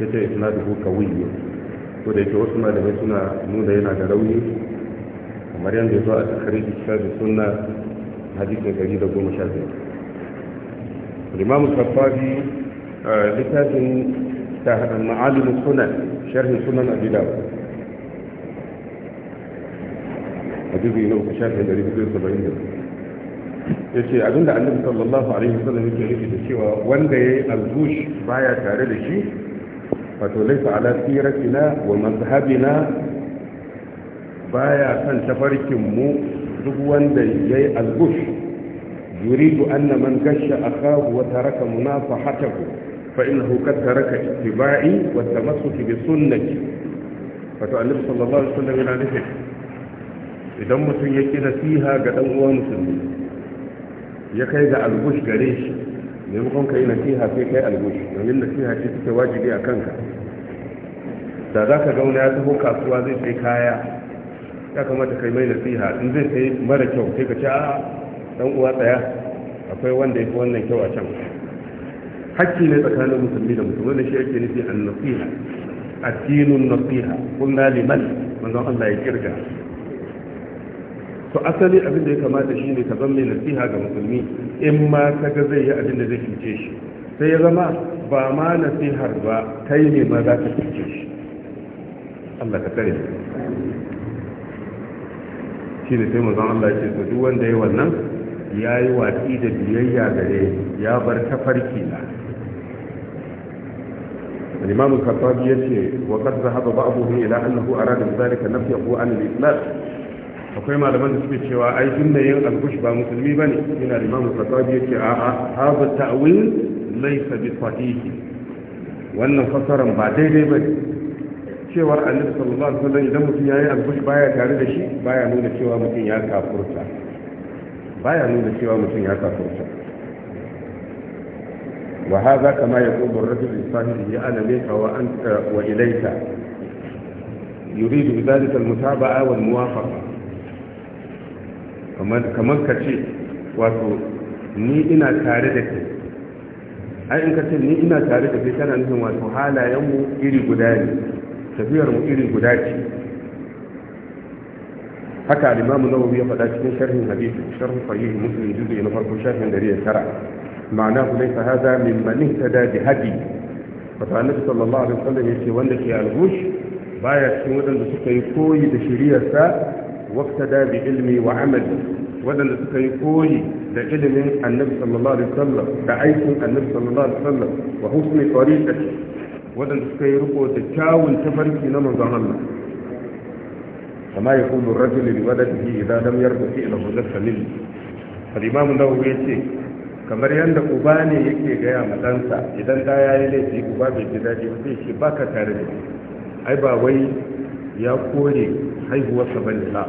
ya ce isnaduhu kawiyyu ko da yake wasu malamai suna nuna yana da rauni kamar yadda ya zo a takarar kitabu sunna hadisin 115 limamu safafi littafin ta haɗa ma'alimin sunan sharhin sunan a gida abu dawud hadisi na uku shafin 470 ya ce abinda annabi sallallahu alaihi wasallam yake nufi da cewa wanda ya yi alzush baya tare da shi wato laifa ala siratina wa mazhabina baya kan tafarkin mu duk wanda ya yi algush yuridu anna man gasha akahu raka munafa munafahatahu fa innahu kad taraka ittiba'i wa tamassuki bi sunnati wato annabi sallallahu alaihi wasallam yana nufin idan mutum ya ki nasiha ga dan uwa musulmi ya kai ga algush gare shi maimakon kai nasiha sai kai algush domin nasiha ce take wajibi a kanka da za ka gauna ya taho kasuwa zai sai kaya ya kamata kai mai nasiha in zai sai mara kyau sai ka ce a dan uwa tsaya akwai wanda ya fi wannan kyau a can hakki ne tsakanin musulmi da musulmi wanda shi yake nufi an nasiha addinun nasiha kunna liman manzon Allah ya kirga to asali abin da ya kamata shine ka zama mai nasiha ga musulmi in ma ga zai yi abin da zai cuce shi sai ya zama ba ma nasihar ba kai ne ma za ka cuce shi Allah ka kare shi ne sai manzon Allah ya ce to duk wanda ya wannan ya yi watsi da biyayya gare ya bar tafarki na الإمام الخطاب يشي ila ذهب بعضهم إلى أنه أراد بذلك نفيه عن الإسلام akwai malaman da suke cewa ai tunda yin alkush ba musulmi ba ne. ina Limamin fatawi ya ce, a'a hadha ta'wil laysa bi sahihi wannan fasaran ba daidai ba ne. cewar annabi sallallahu alaihi wasallam idan mutum yayi albush baya tare da shi baya nuna cewa mutum ya kafurta baya nuna cewa mutum ya kafurta wa hadha kama yaqulu ar-rajul li ya ana laka wa anta wa ilayka yuridu bidhalika al-mutaba'a wal muwafaqa kamar kamar kace wato ni ina tare da kai ai in ka ce ni ina tare da kai kana nufin wato halayenmu iri guda ne tafiyar mu iri guda ce haka al-imamu nawawi ya faɗa cikin sharhin hadisi sharhin sahih muslim juz'i na farko sharhin ya tara ma'ana laysa hadha mimman ihtada bi hadi fa annabi sallallahu alaihi ya ce wanda ke al-ghush baya cikin waɗanda suka yi koyi da shari'arsa waqtada bi ilmi wa amali wadanda suka yi koyi da ilimin annabi sallallahu alaihi wasallam da aikin annabi sallallahu alaihi wasallam wa husni tariqati waɗanda suka yi riko da kyawun tafarki na manzon Allah kama ya kulu rajuli li ke idan lam yarda ke ila hujjar lil al-imam an-nawawi yace kamar yanda uba ne yake gaya matansa, idan da yayi laifi uba bai ji daɗi ba sai shi baka tare da ai ba wai ya kore haihuwarsa bane la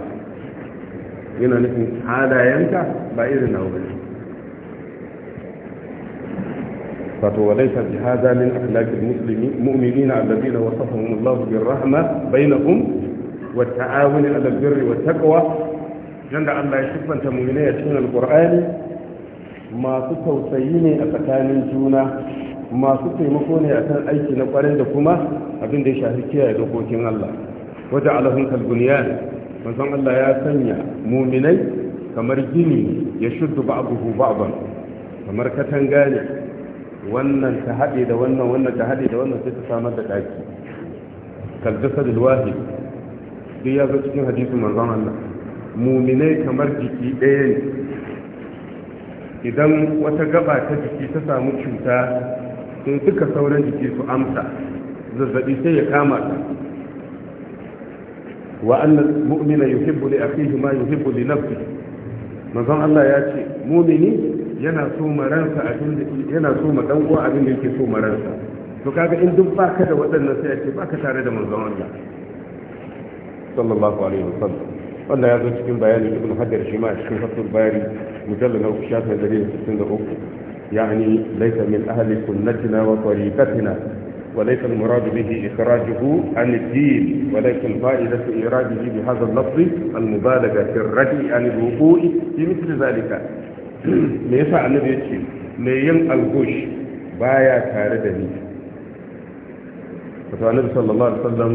yana nufin halayenka ba irin nawa bane wato walaysa bi hadha min akhlaqil muslimin mu'minina alladhina wasafahum Allah bir rahma bainahum wa ta'awun ala birri wa taqwa yanda Allah ya siffanta mu'minai a cikin alqur'ani masu tausayi ne a tsakanin juna masu taimako ne akan aiki na kwarai da kuma abin da ya shafi kiyaye dokokin Allah wajen alahun ne, manzon Allah ya sanya muminai kamar gini ya shuddu ba'dahu ba'dan kamar katanga ne wannan ta haɗe da wannan wannan ta haɗe da wannan sai ta samar da ɗaki kaljasar ilwahi duk ya zo cikin hadisin manzon Allah muminai kamar jiki ɗaya ne idan wata gaba ta jiki ta samu cuta sai duka sauran jiki su amsa zazzabi sai ya kama ta wa annal mu'mina yuhibbu li akhihi ma yuhibbu li nafsihi manzon Allah ya ce mumini yana so maransa abin da yana so ma dan uwa abin da yake so maransa to kaga in duk baka da waɗannan sai a ce baka tare da manzon Allah sallallahu alaihi wasallam wannan ya zo cikin bayani ibn hajar shi ma cikin fatul bayani mujallal na shafi na dari yani laysa min ahli sunnatina wa tariqatina وليس المراد به إخراجه عن الدين وليس الفائدة إيراده بهذا اللفظ المبالغة في الردع عن الوقوع في مثل ذلك me yasa annabi ya ce me yin algush baya tare da ni wato annabi sallallahu alaihi wasallam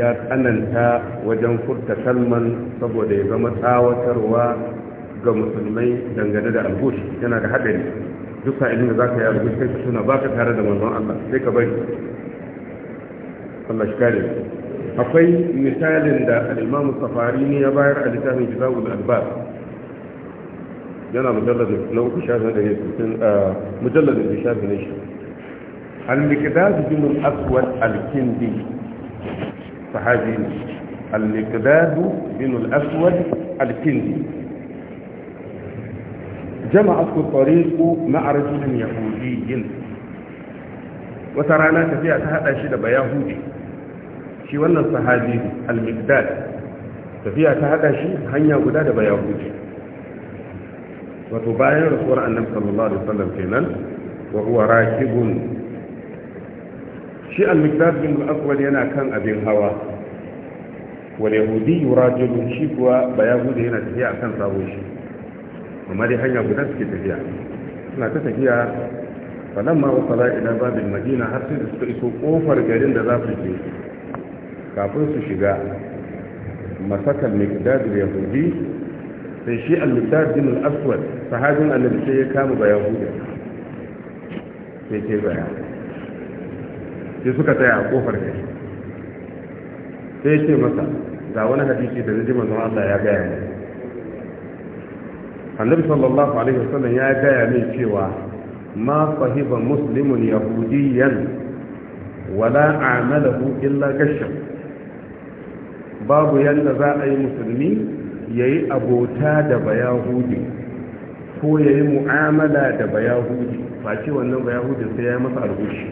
ya tsananta wajen furta kalman saboda ya zama tsawatarwa ga musulmai dangane da algush yana da haɗari duk sa'ilin da zaka yi algush kai ka suna baka tare da manzon Allah sai ka bari Allah shi kare akwai misalin da al-Imam Safari ne ya bayar a littafin Kitabul Albab لنا مجلد لو في شاب هذا آه، مجلد في شاب نيشا المكداد بن الأسود الكندي صحابي المكداد بن الأسود الكندي جمعته الطريق مع رجل يهودي وترانا تفيع تهدى شد بيهودي شي ولا الصحابي المكداد تفيع تهدى شد هنيا قداد بيهودي wato bayan rasuwar annabi sallallahu alaihi wasallam kenan wa huwa rakibun shi al-miqdad bin al yana kan abin hawa wal yahudi yurajulu shi kuwa bayahudi yana tafiya akan sabo shi amma dai hanya guda suke tafiya suna ta tafiya falamma kala ila babin madina har sai suka iso kofar garin da za su je kafin su shiga masakal miqdad al-yahudi sai shi al-misar bin al-aswad sahabin annabi sai ya kama bayan yahuda sai ke baya sai suka tsaya a kofar gari sai ce masa ga wani hadisi da zai manzon Allah ya gaya mai annabi sallallahu alaihi wasallam ya gaya min cewa ma fahiba muslimun yahudiyan wala amalahu illa gashan babu yanda za a yi musulmi ya yi abota da bayahudi ko ya yi mu'amala da bayahudi face wannan bayahudi sai ya yi masa alhushi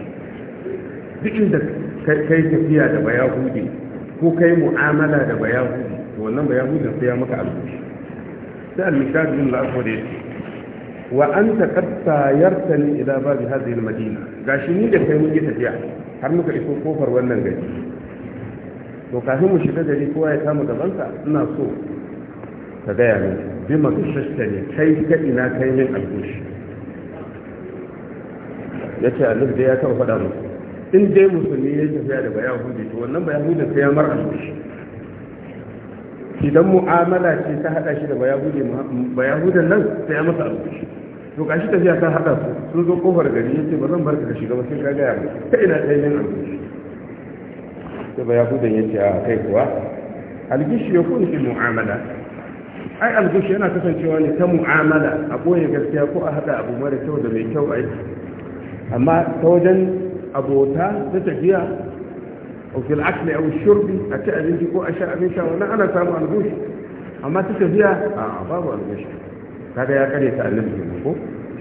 duk inda kai tafiya da bayahudi ko kai mu'amala da bayahudi wannan Bayahudi sai ya maka alhushi sai al-mishab bin al-aswad wa anta qad sayartani ila babi hadhihi al-madina gashi ni da kai muke tafiya har muka iso kofar wannan gari to kafin mu shiga gari kowa ya kama gabansa ina so ka gaya ne bi magashasta ne kai ta ina kai yin algushi ya ce alif dai ya taɓa faɗa musu in dai musulmi ya tafiya da bayan hudu to wannan bayan hudu sai ya mara algushi idan mu'amala ce ta haɗa shi da bayan hudu nan sai ya masa algushi to shi tafiya ta haɗa su sun zo kofar gari ya ce ba zan barka ka shiga ba sai ka gaya ba ta ina kai yin algushi sai bayan hudu ya ce a kai kuwa algishi ya kunshi mu'amala ai algushi yana kasancewa ne ta mu'amala a ɓoye gaskiya ko a haɗa abu mara kyau da mai kyau a yi. amma ta wajen abota ta tafiya a fil akli a shurbi a ci abinci ko a sha abin sha wani ana samu algushi amma ta tafiya a babu algushi ga ya kare ta annabi ne ko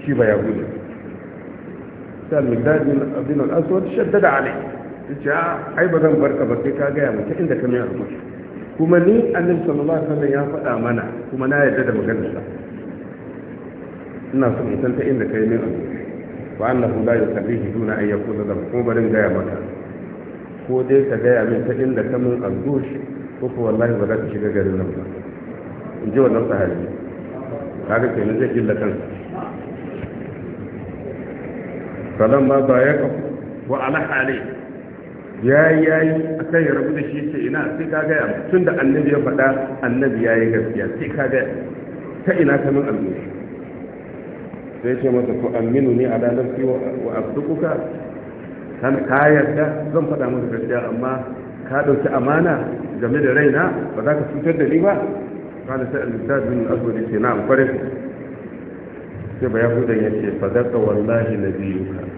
shi ba ya gudu sai al-miqdad bin abdul aswad shaddada alai yace ai ba zan barka ba sai ka gaya ya mutu inda mai algushi kuma ni annabi sallallahu alaihi wasallam ya faɗa mana kuma na yarda da maganarsa ina son in san ta inda kai min abu wa annahu la yukarrihi duna an yakuna da ko barin gaya maka ko dai ka gaya min ta inda ka mun azdush ko ko wallahi ba za ka shiga garin nan ba in ji wannan sahabi kaga kenan zai illa kansa falamma ba ya kafu wa ala hali ya yi ya yi a kan ya rabu da shi ce ina sai ka gaya tun da annabi ya faɗa annabi ya yi gaskiya sai ka gaya ta ina ka min almushi sai ce masa ko aminu ne ala nafsi wa abdukuka kan ka yarda zan faɗa masa gaskiya amma ka ɗauki amana game da raina ba za ka cutar da ni ba kana sai al-misad bin al-aswad ce na amfare sai ba hudan yace fa daga wallahi nabiyuka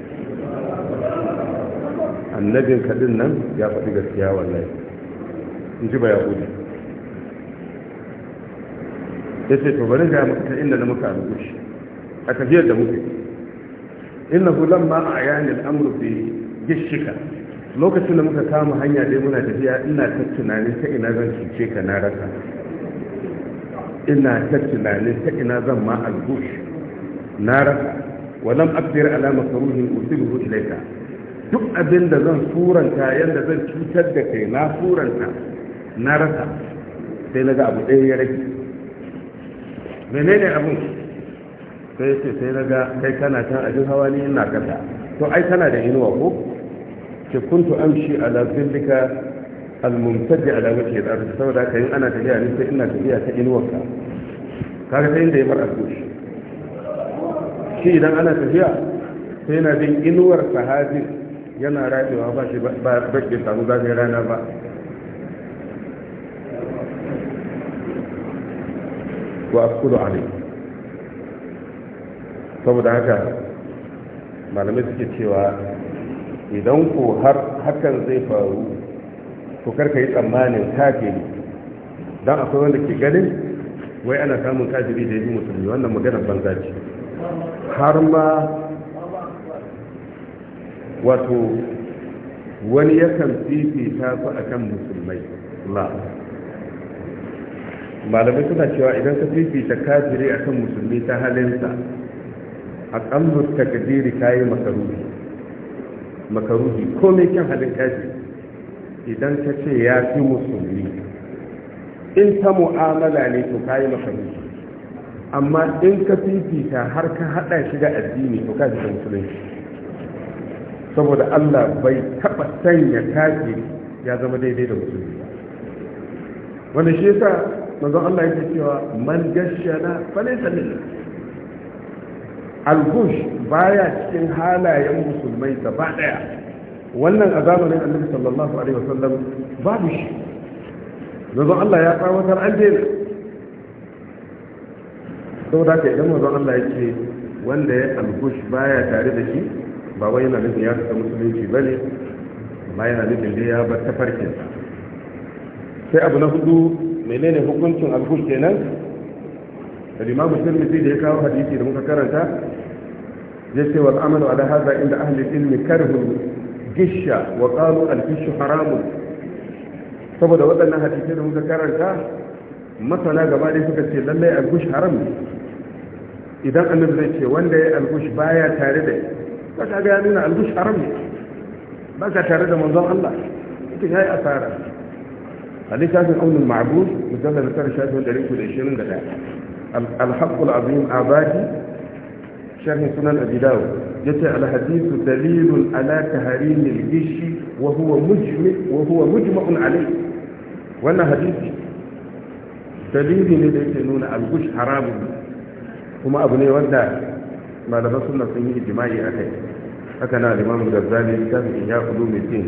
annabin kadin nan ya faɗi gaskiya wallahi in ji ba yahudi ya ce to bari ga maka inda na muka rubu shi a tafiyar da muke inna hu lamma a yanin amru bi gishika lokacin da muka kama hanya dai muna tafiya ina ta tunanin ta ina zan cuce ka na rasa ina ta tunanin ta ina zan ma albush na rasa lam abdir ala makaruhin usibuhu ilaika duk abin da zan suranta yadda zan cutar da kai na suranta na rasa sai na ga abu ɗaya ya rage menene abin sai ce sai na ga kai kana can abin hawa ne ina nakata to ai kana da inuwa wako ce kuntu amshi duka almuntar da alamu ke ya arziki saboda ka yi ana tafiya ne sai ina tafiya ta inuwarka kaga ta inda ya fara shi shi idan ana tafiya sai na bin inuwar sahajin yana raɗewa ba shi ba ke samu zafin rana ba wa a ne? saboda haka malamai suke cewa idan ko hakan zai faru to karka yi tsammanin ne, don akwai wanda ke ganin wai ana samun kajiri da yi musulmi wannan maganar banza ce har ma wato wani yakan fifita su kan musulmai la malamai suna cewa idan ka fifita kafiri akan musulmi ta halinsa a ƙambar takadiri ta yi makaruhi makaruhi ko mai kyan halin kafiri idan ka ce ya fi musulmi in ta mu'amala ne to ka yi makaruhi amma in ka fifita har ka haɗa shi da addini to ka fi musulunci saboda Allah bai taɓa sanya kafiri ya zama daidai da musulmi wanda shi yasa manzon Allah yake cewa man gashana falaysa minna al-gush baya cikin halayen musulmai gaba daya wannan a zamanin Annabi sallallahu alaihi wasallam babu shi manzon Allah ya tsawatar an daina saboda haka idan manzon Allah yake wanda ya al-gush baya tare da shi ba wai yana nufin ya fita musulunci ba ne amma yana nufin dai ya bar farke sai abu na hudu menene hukuncin alhul kenan al musulmi sai da ya kawo hadisi da muka karanta ya ce wa amalu ala hadha inda ahli ilmi karhu gisha wa qalu al-gishu haramun saboda waɗannan hadisi da muka karanta masana gaba dai suka ce lallai algush haram idan annabi zai ce wanda ya algush baya tare da ba ka ga ya nuna algus haram ne ba ka tare da manzon Allah ita ya yi asara a littafin aunin ma'abud mujallar da tara shafin ɗari da ishirin da ɗaya alhaƙul abin abadi sharhin sunan abidawo ya ce alhadisu dalilun ala taharimin gishi wa huwa mujma'un alai wannan hadisi dalili ne da yake nuna algush haramun kuma abu ne wanda malaman suna sun yi a kai, haka na limamin gazzali tafi iya kudu mai tin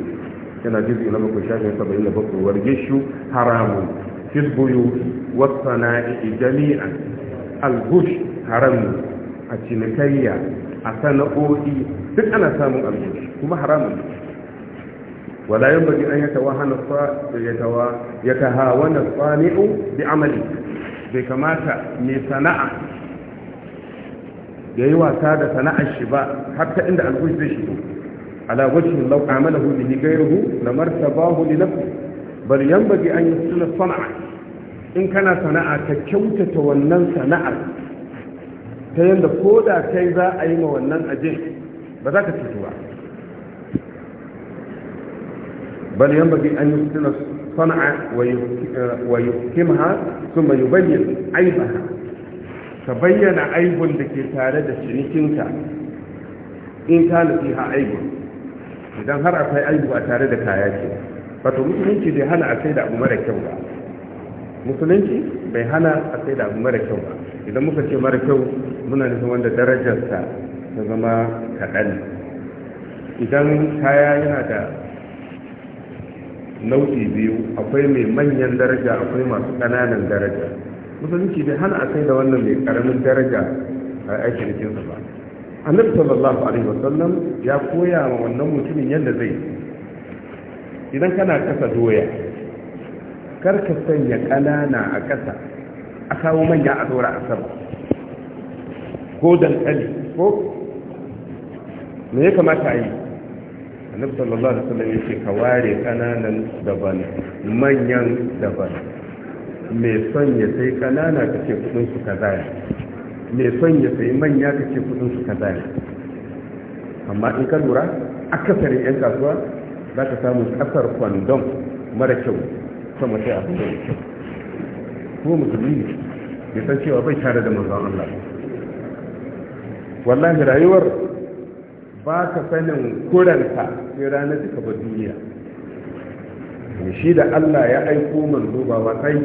yana jizu na bakwai shafin saba'in da bakwai warge shu haramu fisbuyu wasa na jami'an algush haramu a cinikayya a sana'o'i duk ana samun algush kuma haramun ولا ينبغي أن na يتهاون الصانع amali bai kamata mai sana'a ya yi wasa da sana'ar shi ba har ta inda alkush zai shigo ala wajhi na marta ba hudu na ku. nafsi bal yanbaghi an yi suna sana'a in kana sana'a ka kyautata wannan sana'ar ta yadda ko da kai za a yi ma wannan aje, ba za ka cutu ba an yi suna بل ينبغي أن يحسن الصنعة ويحكمها yi يبين عيبها ka bayyana aibun da ke tare da cinikinka in ta nufi ha aibun idan har akwai aibu a tare da kaya ke wato musulunci bai hana a sai da abu mara kyau ba musulunci bai hana a sai da abu mara kyau ba idan muka ce mara kyau muna nufin wanda darajarsa ta zama kaɗan idan kaya yana da nau'i biyu akwai mai manyan daraja akwai masu ƙananan daraja musulunci bai hana a kai da wannan mai karamin daraja a aikin jikinsa ba annabi sallallahu alaihi wasallam ya koya ma wannan mutumin yadda zai idan kana kasa doya kar ka sanya ƙanana a kasa a kawo manya a dora a sama ko dankali ko me ya kamata a yi annabi sallallahu alaihi wasallam ya ce ka ware ƙananan daban manyan daban mai son ya sai kanana ka ce kudin su ka ne mai son ya sai manya ka ce kudin su ka ne amma in ka lura akasarin yan kasuwa za ka samu kasar kwandon mara kyau sama sai abin da kyau ko musulmi ne san cewa bai tare da manzon Allah wallahi rayuwar ba ka sanin kuranta sai ranar da ka ba duniya shi da Allah ya aiko manzo ba ba sai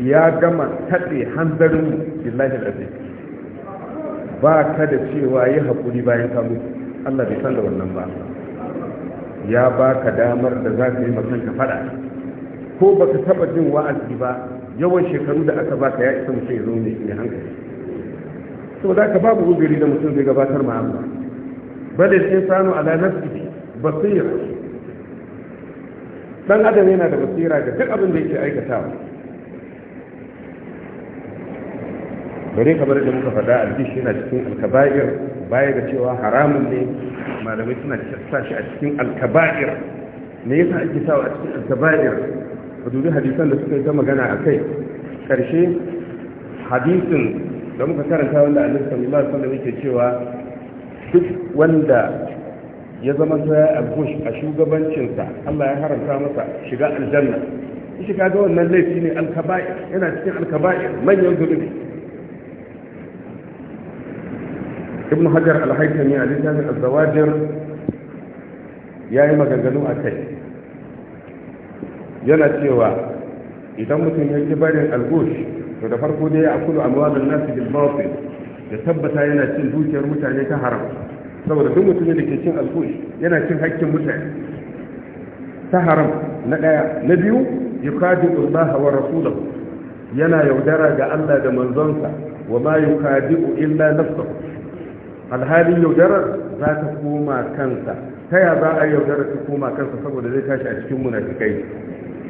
ya gama taɗe hanzarin billahi al'azim ba ka da cewa yi haƙuri bayan ka mutu Allah bai san da wannan ba ya ba ka damar da za ka yi makan ka faɗa ko ba ka taɓa jin wa'azi ba yawan shekaru da aka baka ya isa mutum ya zo ne hankali So da ka babu uzuri da mutum zai gabatar ma Allah bal al-insanu ala nafsi basira dan adam yana da basira ga duk abin da yake aikatawa bare kamar da muka faɗa alfish yana cikin alkaba'ir baya ga cewa haramun ne malamai suna sa shi a cikin alkaba'ir me yasa ake sa a cikin alkaba'ir ka dubi hadisan da suka yi ta magana a kai karshe hadisin da muka karanta wanda annabi sallallahu alaihi wasallam muke cewa duk wanda ya zama a bush a shugabancinsa Allah ya haramta masa shiga aljanna shi kaga wannan laifi ne alkaba'ir yana cikin alkaba'ir manyan zunubi ibn hajar al yi a littafin azawajir ya yi maganganu a kai yana cewa idan mutum ya ki barin algush to da farko dai ya akulu amwalun nasi bil batil da tabbata yana cin dukiyar mutane ta haram saboda duk mutumin da ke cin algush yana cin hakkin mutane ta haram na ɗaya na biyu yukadi'u Allah wa rasulahu yana yaudara ga Allah da manzonsa wa ma yukadi'u illa nafsuhu alhalin yaudarar za ta koma kansa ta ya za a yaudarar ta koma kansa saboda zai tashi a cikin munafikai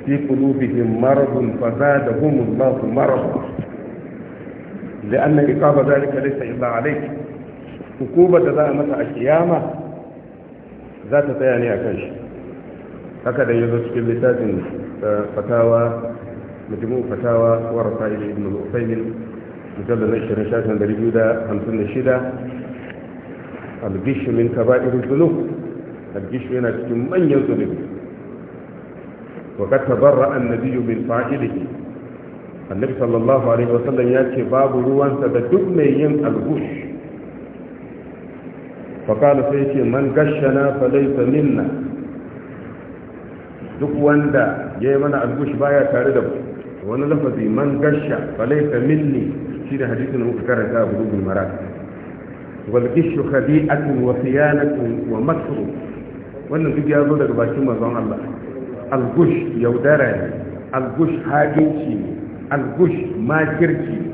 fi qulubihim maradun fa an Allahu marad لأن إقامة ذلك ليس illa alai. hukubar da za a masa a kiyama za ta tsaya ne a kan shi haka da ya zo cikin littafin eh, fatawa mutumin fatawa wa rasa'il ibn al-usaymin mujallar na 20 shafin 256 الغش من كبائر الذنوب الغش من من يذنب وقد تبرأ النبي من فاعله النبي صلى الله عليه وسلم يأتي باب روان تبدو مين الغش فقال سيدي من غشنا فليس منا duk wanda ya yi mana algush baya tare da wani lafazi man gasha falai ta minni shi da hadisun muka karanta a gudu mara والغش خديئة وخيانة ومكر wannan duk ya zo daga bakin manzon Allah algush yaudara ne algush haginci ne algush makirci ne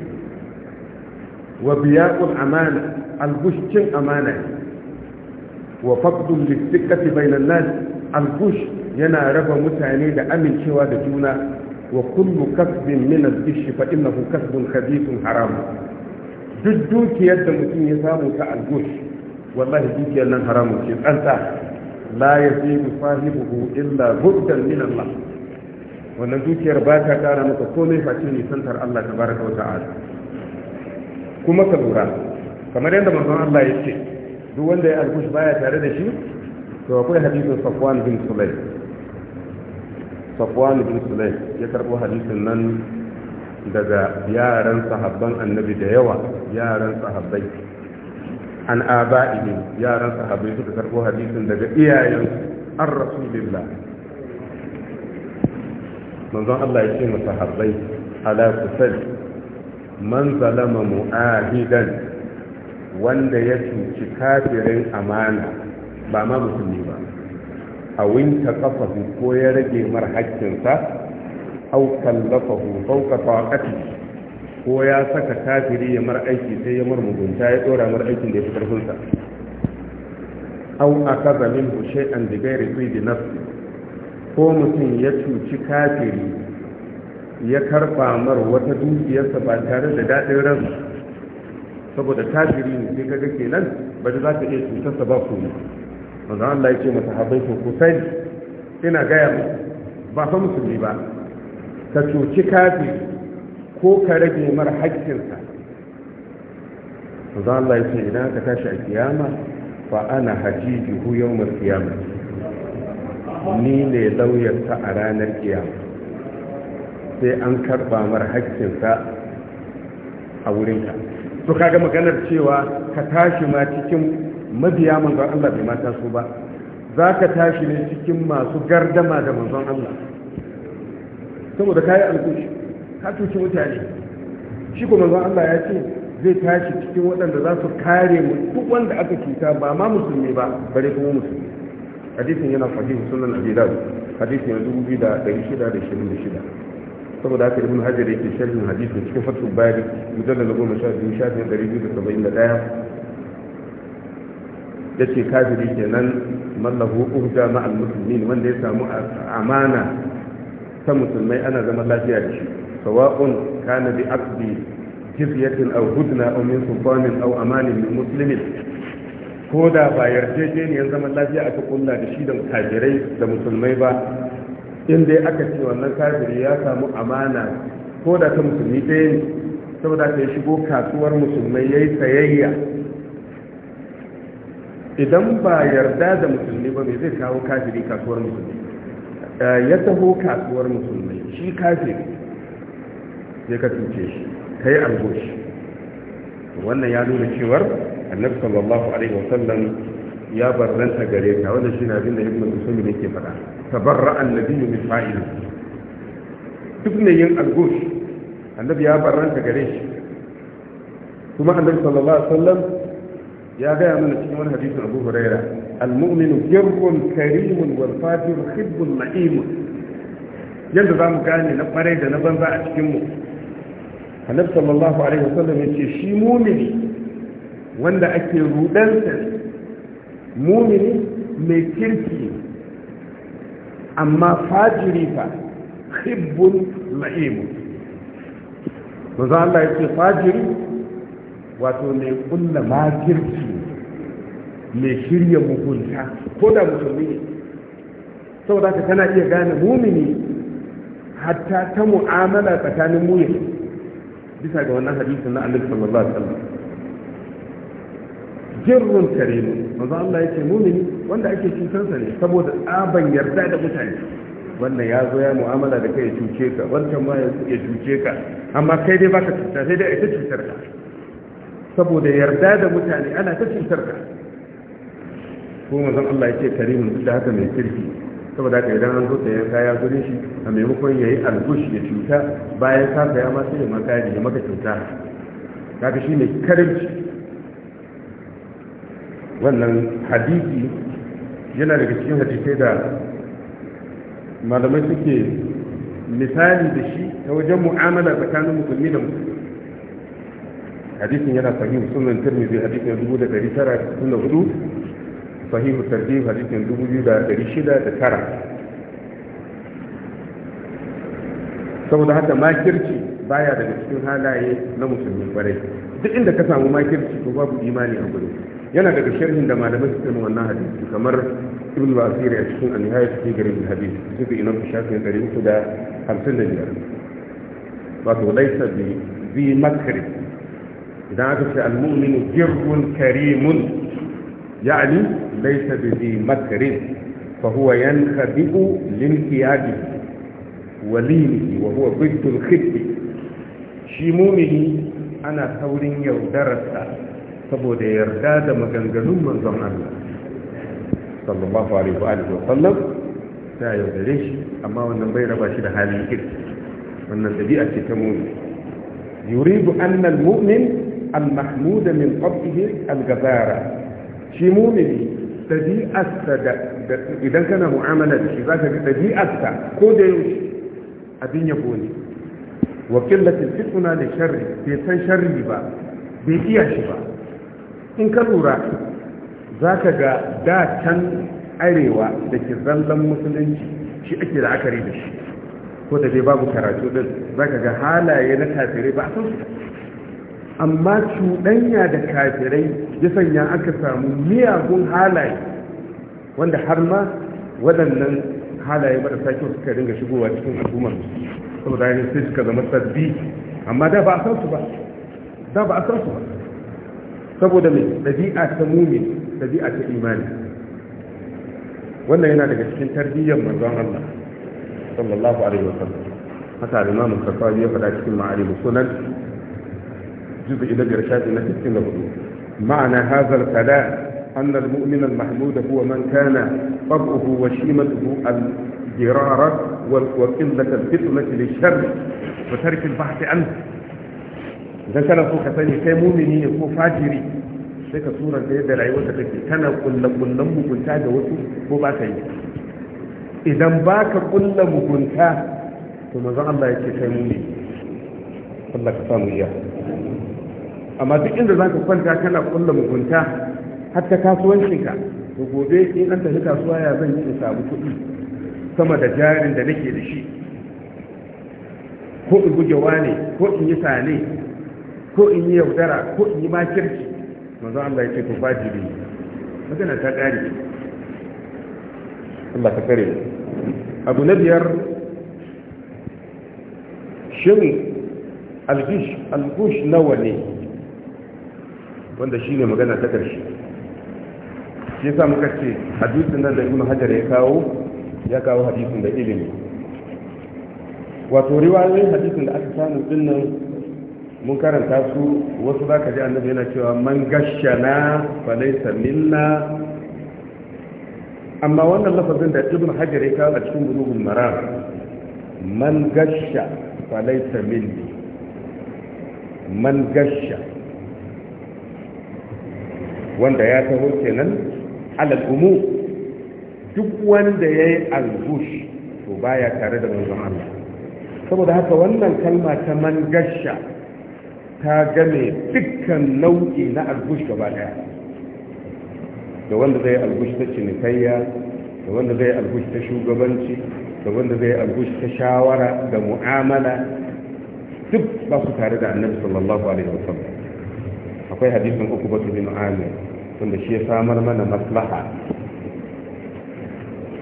wa biyaqul amana algush cin amana ne wa faqdul listiqati bainan nas algush yana raba mutane da amincewa da juna wa kullu kasbin min al-gish fa innahu kasbun khabithun haram duk dukiyar da mutum ya samu ta algush wallahi dukiyar nan haramun ce tsanta la ya fi musahibuhu illa gudan min Allah wannan dukiyar ba ta kara maka komai face ne santar Allah tabaraka wa ta'ala kuma ka lura kamar yadda manzon Allah ya ce duk wanda ya algush baya tare da shi to akwai hadisin Safwan bin Sulaim Safwan bin Sulaim ya karbo hadisin nan daga yaran sahabban annabi da yawa yaran sahabbai an aba'ihim yaran sahabbai suka karɓo hadisin daga iyayen an rasulillah manzon Allah ya ce mu sahabbai ala kusal man zalama mu'ahidan wanda ya cuci kafirin amana ba ma musulmi ba a winta kafafu ko ya rage mar haƙƙinsa aw kallafahu fawqa taqatihi ko ya saka kafiri ya mar aiki sai ya mar mugunta ya dora mar aikin da ya fi karfin sa aw akaza minhu shay'an bi ghairi qidi nafsi ko mutum ya cuci kafiri ya karba mar wata dukiyarsa ba tare da dadin ransa saboda kafiri ne sai kaga kenan ba za ka iya cutarsa ba kuma Allah ya ce masa masahabai ku sai ina gaya muku ba fa musulmi ba ka cuci kafi ko ka rage mar haƙƙinsa za Allah ya ce idan ka tashi a kiyama fa ana hajiji hu yau mar kiyama ni ne lauyarsa a ranar kiyama sai an karɓa mar haƙƙinsa a wurinka to kaga maganar cewa ka tashi ma cikin mabiya manzon Allah bai mata su ba za ka tashi ne cikin masu gardama da manzon Allah saboda kayan alkushi ka cuci mutane shi kuma zan Allah ya ce zai tashi cikin waɗanda za su kare mu duk wanda aka cuta ba ma musulmi ba bare kuma musulmi hadisin yana sahihu sunan abi dawud hadisin yana dubu biyu da ɗari shida da shirin da shida saboda haka ibn hajar yake sharhin hadisin cikin fatu bari mujallal na goma sha biyu shafin ɗari biyu da saba'in da ɗaya ya ce kafiri kenan mallahu uhda ma'al muslimin wanda ya samu amana ta musulmai ana zama lafiya da shi sawa'un kana bi aqdi jizyatin aw hudna aw min sultanin aw amanin min muslimin ko da ba yarjejeniyar zaman lafiya aka kulla da shi da kafirai da musulmai ba in aka ce wannan kafiri ya samu amana ko da ta musulmi ɗaya ne saboda ta shigo kasuwar musulmai ya yi sayayya idan ba yarda da musulmi ba mai zai kawo kafiri kasuwar musulmi Eh, ya taho kasuwar musulmai shi kafin sai ka tuce shi ka yi algoshi wannan ya nuna cewar annabi sallallahu alaihi wasallam ya barranta gare ta wanda shi na bin da ibn musulmi ne ke faɗa tabarra annabiyyu min fa'ili duk ne yin argoshi annabi ya barranta gare shi kuma annabi sallallahu alaihi wasallam ya gaya mana cikin wani hadisin abu huraira al-mu'minu jirgun karimun wal fajiru khibbun ma'imun yadda za mu gane na kwarai da na banza a cikin mu annabi sallallahu alaihi wasallam yace shi mu'mini wanda ake rudansa mu'mini mai kirki amma fajiri fa khibbun ma'imun manzo Allah yace fajiri wato mai kulla kirki. mai shirya mugunta ko da musulmi ne saboda ka tana iya gane mumini hatta ta mu'amala tsakanin mu bisa ga wannan hadisin na annabi sallallahu alaihi wasallam jirrun karimu manzo Allah yake mumini wanda ake cutar sa ne saboda tsaban yarda da mutane wannan ya zo ya mu'amala da kai ya cuce ka wancan ma ya cuce ka amma kai dai baka cuta sai dai ita cutar ka saboda yarda da mutane ana ta cutar ka ko mazan Allah ya ce karimun duk da haka mai kirki saboda haka idan an zo ya kaya gurin shi a maimakon ya yi algush ya cuta bayan kafa ya ma sai ya maka ya maka cuta shi ne karimci wannan hadisi yana daga cikin hadisai da malamai suke misali da shi ta wajen mu'amala tsakanin musulmi da musulmi hadisin yana sahih sunan tirmidhi hadisin 1904 sahihu tarjih hadisin 2609 saboda haka makirci baya daga cikin halaye na musulmi kwarai duk inda ka samu makirci to babu imani a gurin yana daga sharhin da malamai suke yi wannan hadisi kamar ibn basir a cikin an-nihaya fi garin hadis suka ina ku shafin ba wato laysa bi bi makr idan aka ce al-mu'minu jirrun karimun يعني ليس بذي مكر فهو ينخبئ لانقياده ولينه وهو ضد الخب shi mumini ana saurin yaudararsa saboda yarda da maganganun manzon Allah sallallahu alaihi wa sallam ta yaudare shi amma wannan bai raba shi da halin kirki wannan dabi'a ce ta mumini yuridu anna al-mu'min al-mahmud min qabdihi al-gazara shi mumini ɗabi'arsa da idan kana mu'amala da shi za ka ga ɗabi'arsa ko da yaushe abin ya ne wa killatin fituna da sharri bai san sharri ba bai iya shi ba in ka lura za ka ga da arewa da ke zallan musulunci shi ake da akari da shi ko da bai babu karatu din za ka ga halaye na kafirai ba a san amma cuɗanya da kafirai ya sanya aka samu miyagun halaye wanda har ma waɗannan halaye marasa kyau suka dinga shigowa cikin al'ummar saboda yanayin sai suka zama sabbi amma da ba a san su ba da ba a san su ba saboda mai ɗabi'a ta mumi ɗabi'a ta imani wannan yana daga cikin tarbiyyar manzon Allah sallallahu alaihi wasallam haka al-Imam Bukhari ya faɗa cikin Ma'arif Sunan يجب إلى الإرشاد نفسك لغدو معنى هذا الكلام أن المؤمن المحمود هو من كان طبعه وشيمته الجرارة وقلة الفطنة للشر وترك البحث عنه إذا كان أخوك ثاني كان مؤمني يكون فاجري ذلك صورة يد العيوزك كان كل من لم يكن تاج وسوء هو إذا باك كل من ثم زعل الله يكي كان مؤمني الله كفاني إياه amma duk inda za ka kwanta kana kulla mugunta har ta kasuwancinka to gobe in an tafi kasuwa ya zan yi in samu kuɗi sama da jarin da nake da shi ko in gujewa ne ko in yi sane ko in yi yaudara ko in yi makirci manzo Allah ya ce to magana ta ƙare Allah ta kare abu na biyar shin algush algush nawa ne wanda shi ne magana ta ƙarshe shi ya samu ƙarshe hadisun nan da ibnu hajar ya kawo ya kawo hadisin da ilimi wato riwayoyin hadisun da aka samu din nan mun karanta su wasu za ka ji annabi yana cewa man gashya na falaisa minna amma wannan lafazin da ibn hajar ya kawo a cikin bulugun mara man gasha falaisa laysa minni man gasha wanda ya taho kenan alal umu duk wanda ya yi albush to baya tare da manzon Allah saboda haka wannan kalma ta man gasha ta game dukkan nau'i na albush gaba daya da wanda zai albush ta cinikayya da wanda zai albush ta shugabanci da wanda zai albush ta shawara da mu'amala duk ba su tare da annabi sallallahu alaihi wasallam akwai hadisin uku batu bin amir wanda shi ya samar mana maslaha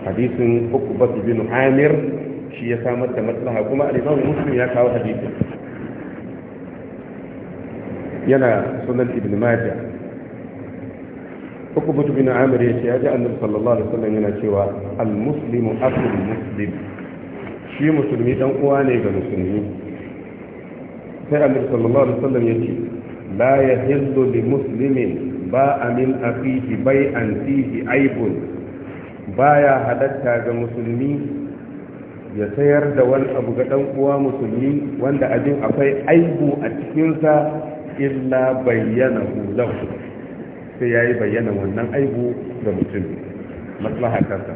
hadisin uku batu bin amir shi ya samar da maslaha kuma alimamu muslim ya kawo hadisin yana sunan ibn majah uku batu bin amir ya ce ya ji annabi sallallahu alaihi wasallam yana cewa al-muslimu akul muslim shi musulmi dan uwa ne ga musulmi sai annabi sallallahu alaihi wasallam ya ce la yahillu li muslimin ba'a min akhihi bai'an fihi aibun baya halatta ga musulmi ya sayar da wani abu ga dan uwa musulmi wanda abin akwai aibu a cikin sa illa bayyana lahu sai yayi bayyana wannan aibu ga mutum maslaha kansa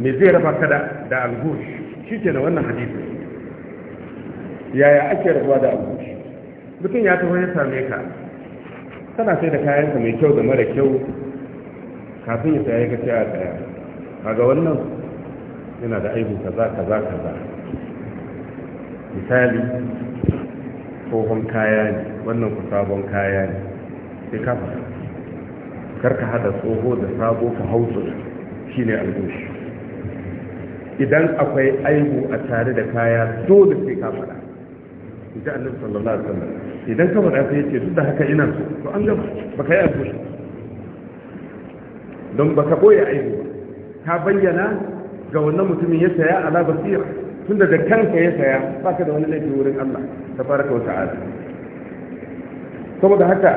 me zai raba kada da shi shike da wannan hadisi yaya ake rabuwa da algush mutum ya tafi ya same ka kana sai da kayanka mai kyau da mara kyau kafin ya tsaye ka ce a ɗaya. kaga wannan yana da aibu kaza kaza kaza misali tsohon kaya ne wannan ku sabon kaya ne sai ka Kar karka hada tsoho da sabo ka hausa shi ne albushi idan akwai aibu a tare da kaya dole sai ka fara in ji annabi sallallahu alaihi wasallam idan ka faɗa sai yace duk da haka ina so to an gaba baka yi alƙushi don baka boye aibu ka bayyana ga wannan mutumin ya saya ala basira tunda da kanka ya saya baka da wani laifi wurin Allah ta tabaraka wa ta'ala saboda haka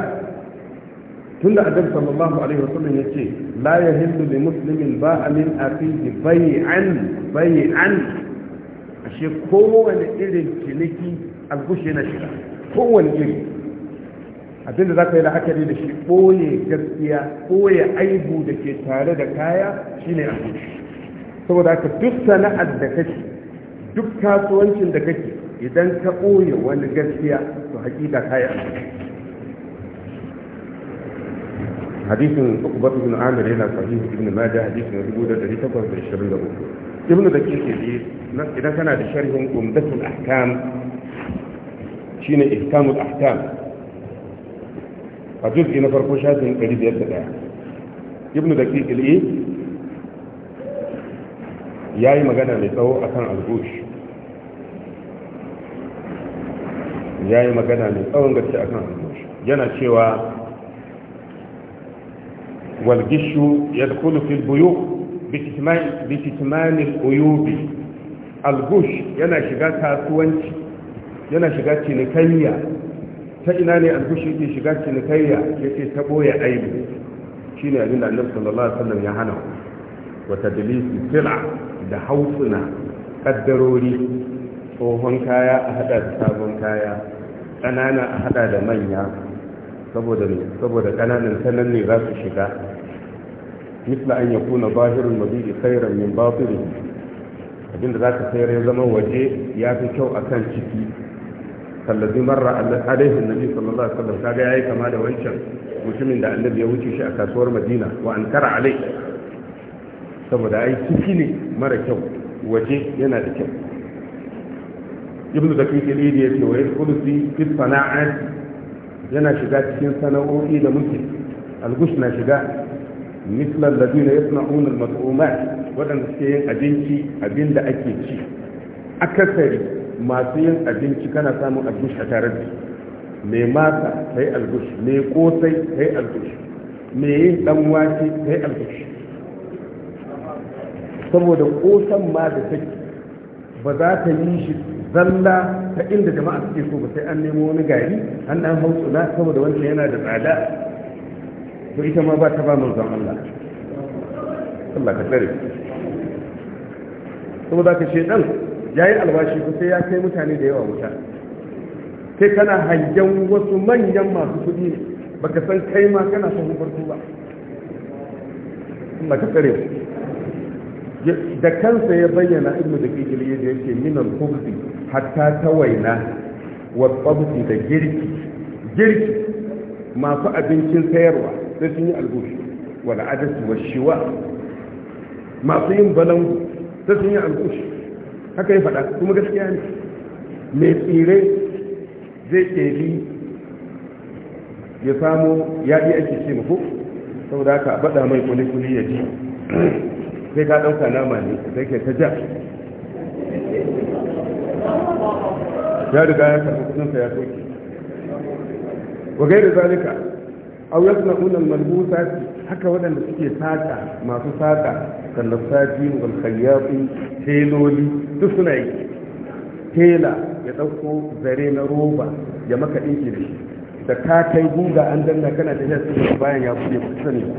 tunda annabi sallallahu alaihi wasallam yace la yahillu li muslimin ba'a min aqihi bay'an bay'an ashe kowane irin ciniki alkushe na shiga kowane iri abinda za ka yi la'akari da shi ɓoye gaskiya ɓoye aibu da ke tare da kaya shi ne alkushe saboda aka duk sana'ar da kake duk kasuwancin da kake idan ka ɓoye wani gaskiya to haƙiƙa kaya hadisin ukubatu bin amir yana sahihu ibn majah hadisin 1823 ibn zakiyya ke idan kana da sharhin umdatul ahkam shine ihkamul ahkam a juz'i na farko shafin 501 ibnu daqiq al yayi magana mai tsawo akan al yayi magana mai tsawon gaske akan al yana cewa والجش يدخل في البيوع بكتمان, بكتمان الأيوب الجش ينا شغا yana shiga cinikayya ta ina ne alkushi yake shiga cinikayya yake ta boye aibu shine abin da annabi sallallahu alaihi wasallam ya hana wa tadlisi sila da hausuna kaddarori tsohon kaya a hada da sabon kaya ƙanana a hada da manya saboda saboda ƙananan sanan ne za su shiga misla an yakuna zahirul mabidi khairan min batinihi abinda za ka sayar ya zama waje ya fi kyau kan ciki kallabi marra alaihi nabi sallallahu alaihi wasallam kaga yayi kama da wancan mutumin da annabi ya wuce shi a kasuwar madina wa ankara alai saboda ai ciki ne mara kyau waje yana da kyau ibnu da kike lidi ya ce wa yadkhulusi fi sana'at yana shiga cikin sana'o'i da muke algush na shiga مثل الذين يصنعون المطعومات ودن سكين أبنتي أبن دا أكيد شي أكثري masu yin abinci kana samun albush a tare da mai masa kai albush, mai kosai sai albush, mai yin dan wake kai albush saboda kosan ma da take ba za ta yi shi zalla ta inda jama'a suke so ba sai an nemo wani gari an dan hausula saboda wancan yana da tsada to ita ma ba ta ba manzon Allah Allah ka tsare saboda ka shedan dan ya yi albashi ku sai ya kai mutane da yawa wuta kai kana hangen wasu manyan masu kuɗi ne baka san kai ma kana son farko ba Allah ka tsare da kansa ya bayyana ibnu da kijili yadda yake minan kubzi hatta waina wa tsabti da girki girki masu abincin sayarwa sai sun yi algushi wal adasu wa shiwa masu yin balangu sai sun yi algushi haka ya faɗa kuma gaskiya ne mai tsire zai ƙeri ya samu yaɗi ake ce Sau saboda haka baɗa mai kuli-kuli ya ji sai ka ɗauka nama ne sai ke ta ja ya riga ya karɓi kudinsa ya soke wa da zalika au suna unan malbusa haka waɗanda suke saƙa masu saƙa kallon saji wal khayyafin teloli duk suna yi tela ya ɗauko zare na roba ya maka ɗinki da shi da ka kai guga an danna kana da tafiya su bayan ya buɗe ba sani ba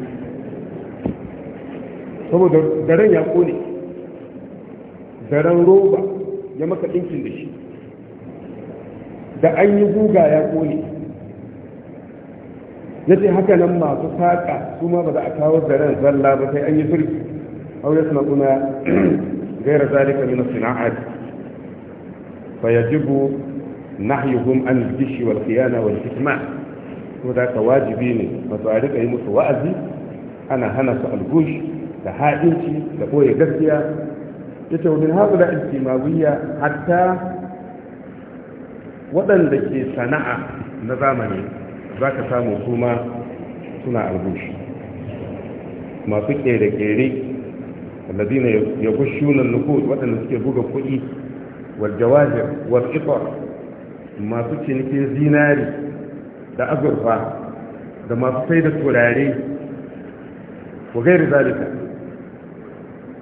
saboda daren ya kone daren roba ya maka ɗinkin da shi da an yi guga ya kone ya ce haka nan masu saƙa su ma ba za a kawo zaren zalla ba sai an yi turki aure suna kuma غير ذلك من الصناعات فيجب نحيهم عن الجش والخيانة والكتمان وذاك واجبين musu wa'azi متوازي hana هنا الجوش da ha'inci da ɓoye gaskiya ya ce wani haɗura hatta waɗanda ke sana'a na zamani za ka samu kuma suna albushi masu ƙere-ƙere alladina yaghshuna an-nuqud wadanda suke buga kuɗi wal jawahir wal masu cinikin zinari da azurfa da masu sai da turare wa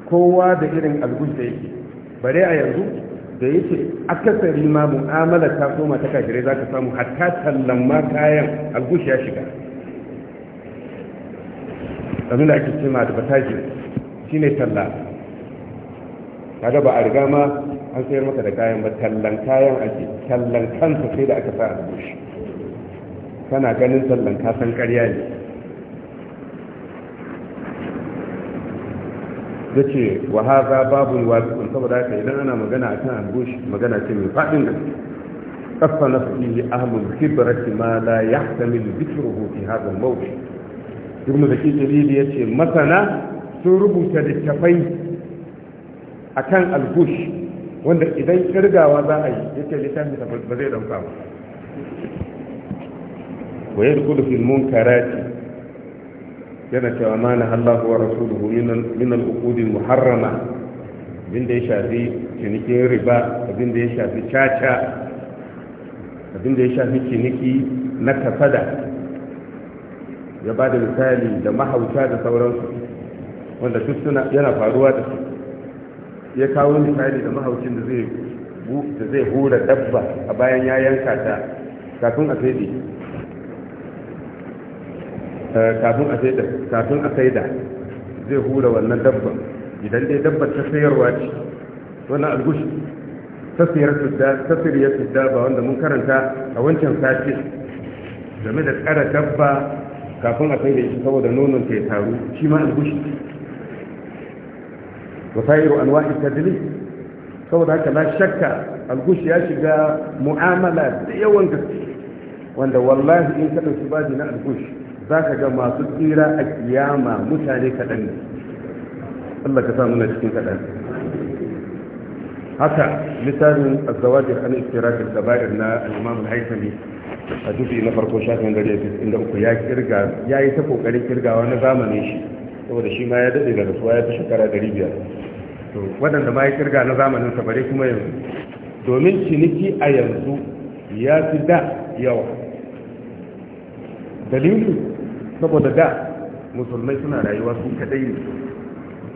kowa da irin algush da yake bare a yanzu da yake akasari ma mu'amala ta koma ta kashire za ka samu hatta tallan ma kayan algush ya shiga abin da ake ce ma da batajin ne talla kaga ba a riga ma an sayar maka da kayan ba tallan kayan ake tallan kansa sai da aka sa a kana ganin tallan kasan karya ne ya ce wa haza babu wasu saboda aka idan ana magana a kan albushi magana ce mai faɗin da kafa na fi ahmul hibrati ma la yahtamilu dhikruhu fi hadha al-mawdi ibn yace masana sun rubuta littafai a kan alhush wanda idan kirgawa za a yi ya ce littafin ba zai ɗauka ba wa yi rikudu filmun karati yana cewa ma na Allah wa rasuluhu min al'ukudin muharrama abinda ya shafi cinikin riba abinda ya shafi caca abinda ya shafi ciniki na kasada ya ba da misali da mahauta da sauransu wanda duk suna yana faruwa da su ya kawo misali da mahaucin da zai da zai hura dabba a bayan ya yanka ta kafin a saide eh, kafin a saida kafin a da zai hura wannan dabba idan dai dabba ta sayarwa ce wannan algushi tafiyar su ba wanda mun karanta a wancan sati game da tsara dabba kafin a kai da shi saboda nonon ta ya taru shi ma algushi وسائر أنواع التدليس saboda haka la shakka algushi ya shiga mu'amala da yawan gaske wanda wallahi in ka ɗauki baji na algushi za ka ga masu tsira a kiyama mutane kaɗan ne Allah ka samu na cikin kaɗan haka misalin azawajir an istirakar gabayar na al'imam al-haitami a dubi na farko shafin gari inda uku ya kirga ya yi ta kokarin kirgawa na zamanin shi saboda shi ma ya daɗe da rasuwa ya fi shekara ɗari biyar to waɗanda ma ya kirga na zamanin sa bare kuma yanzu domin ciniki a yanzu ya fi da yawa dalili saboda da musulmai suna rayuwa su kaɗai ne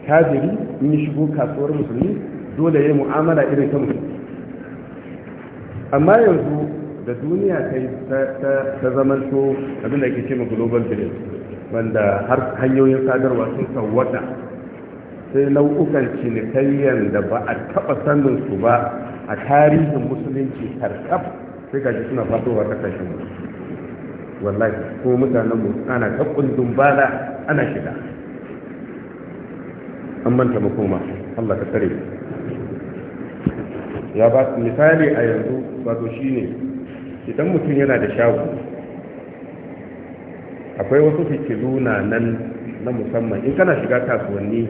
tajiri in yi shigo kasuwar musulmi dole ya yi mu'amala irin ta musulmi amma yanzu da duniya ta zamanto abin da ke ce ma global village wanda har hanyoyin sadarwa sun sauwata sai nau'ukan cinikayyar da ba a taɓa sanin su ba a tarihin musulunci karkaf sai gaji suna fasowa ta kashin wallahi ko mutanen mu ana ta kundin bala ana shiga an manta makoma Allah ka tare ya ba misali a yanzu wato shine idan mutum yana da shago akwai wasu fitilu na nan na musamman in kana shiga kasuwanni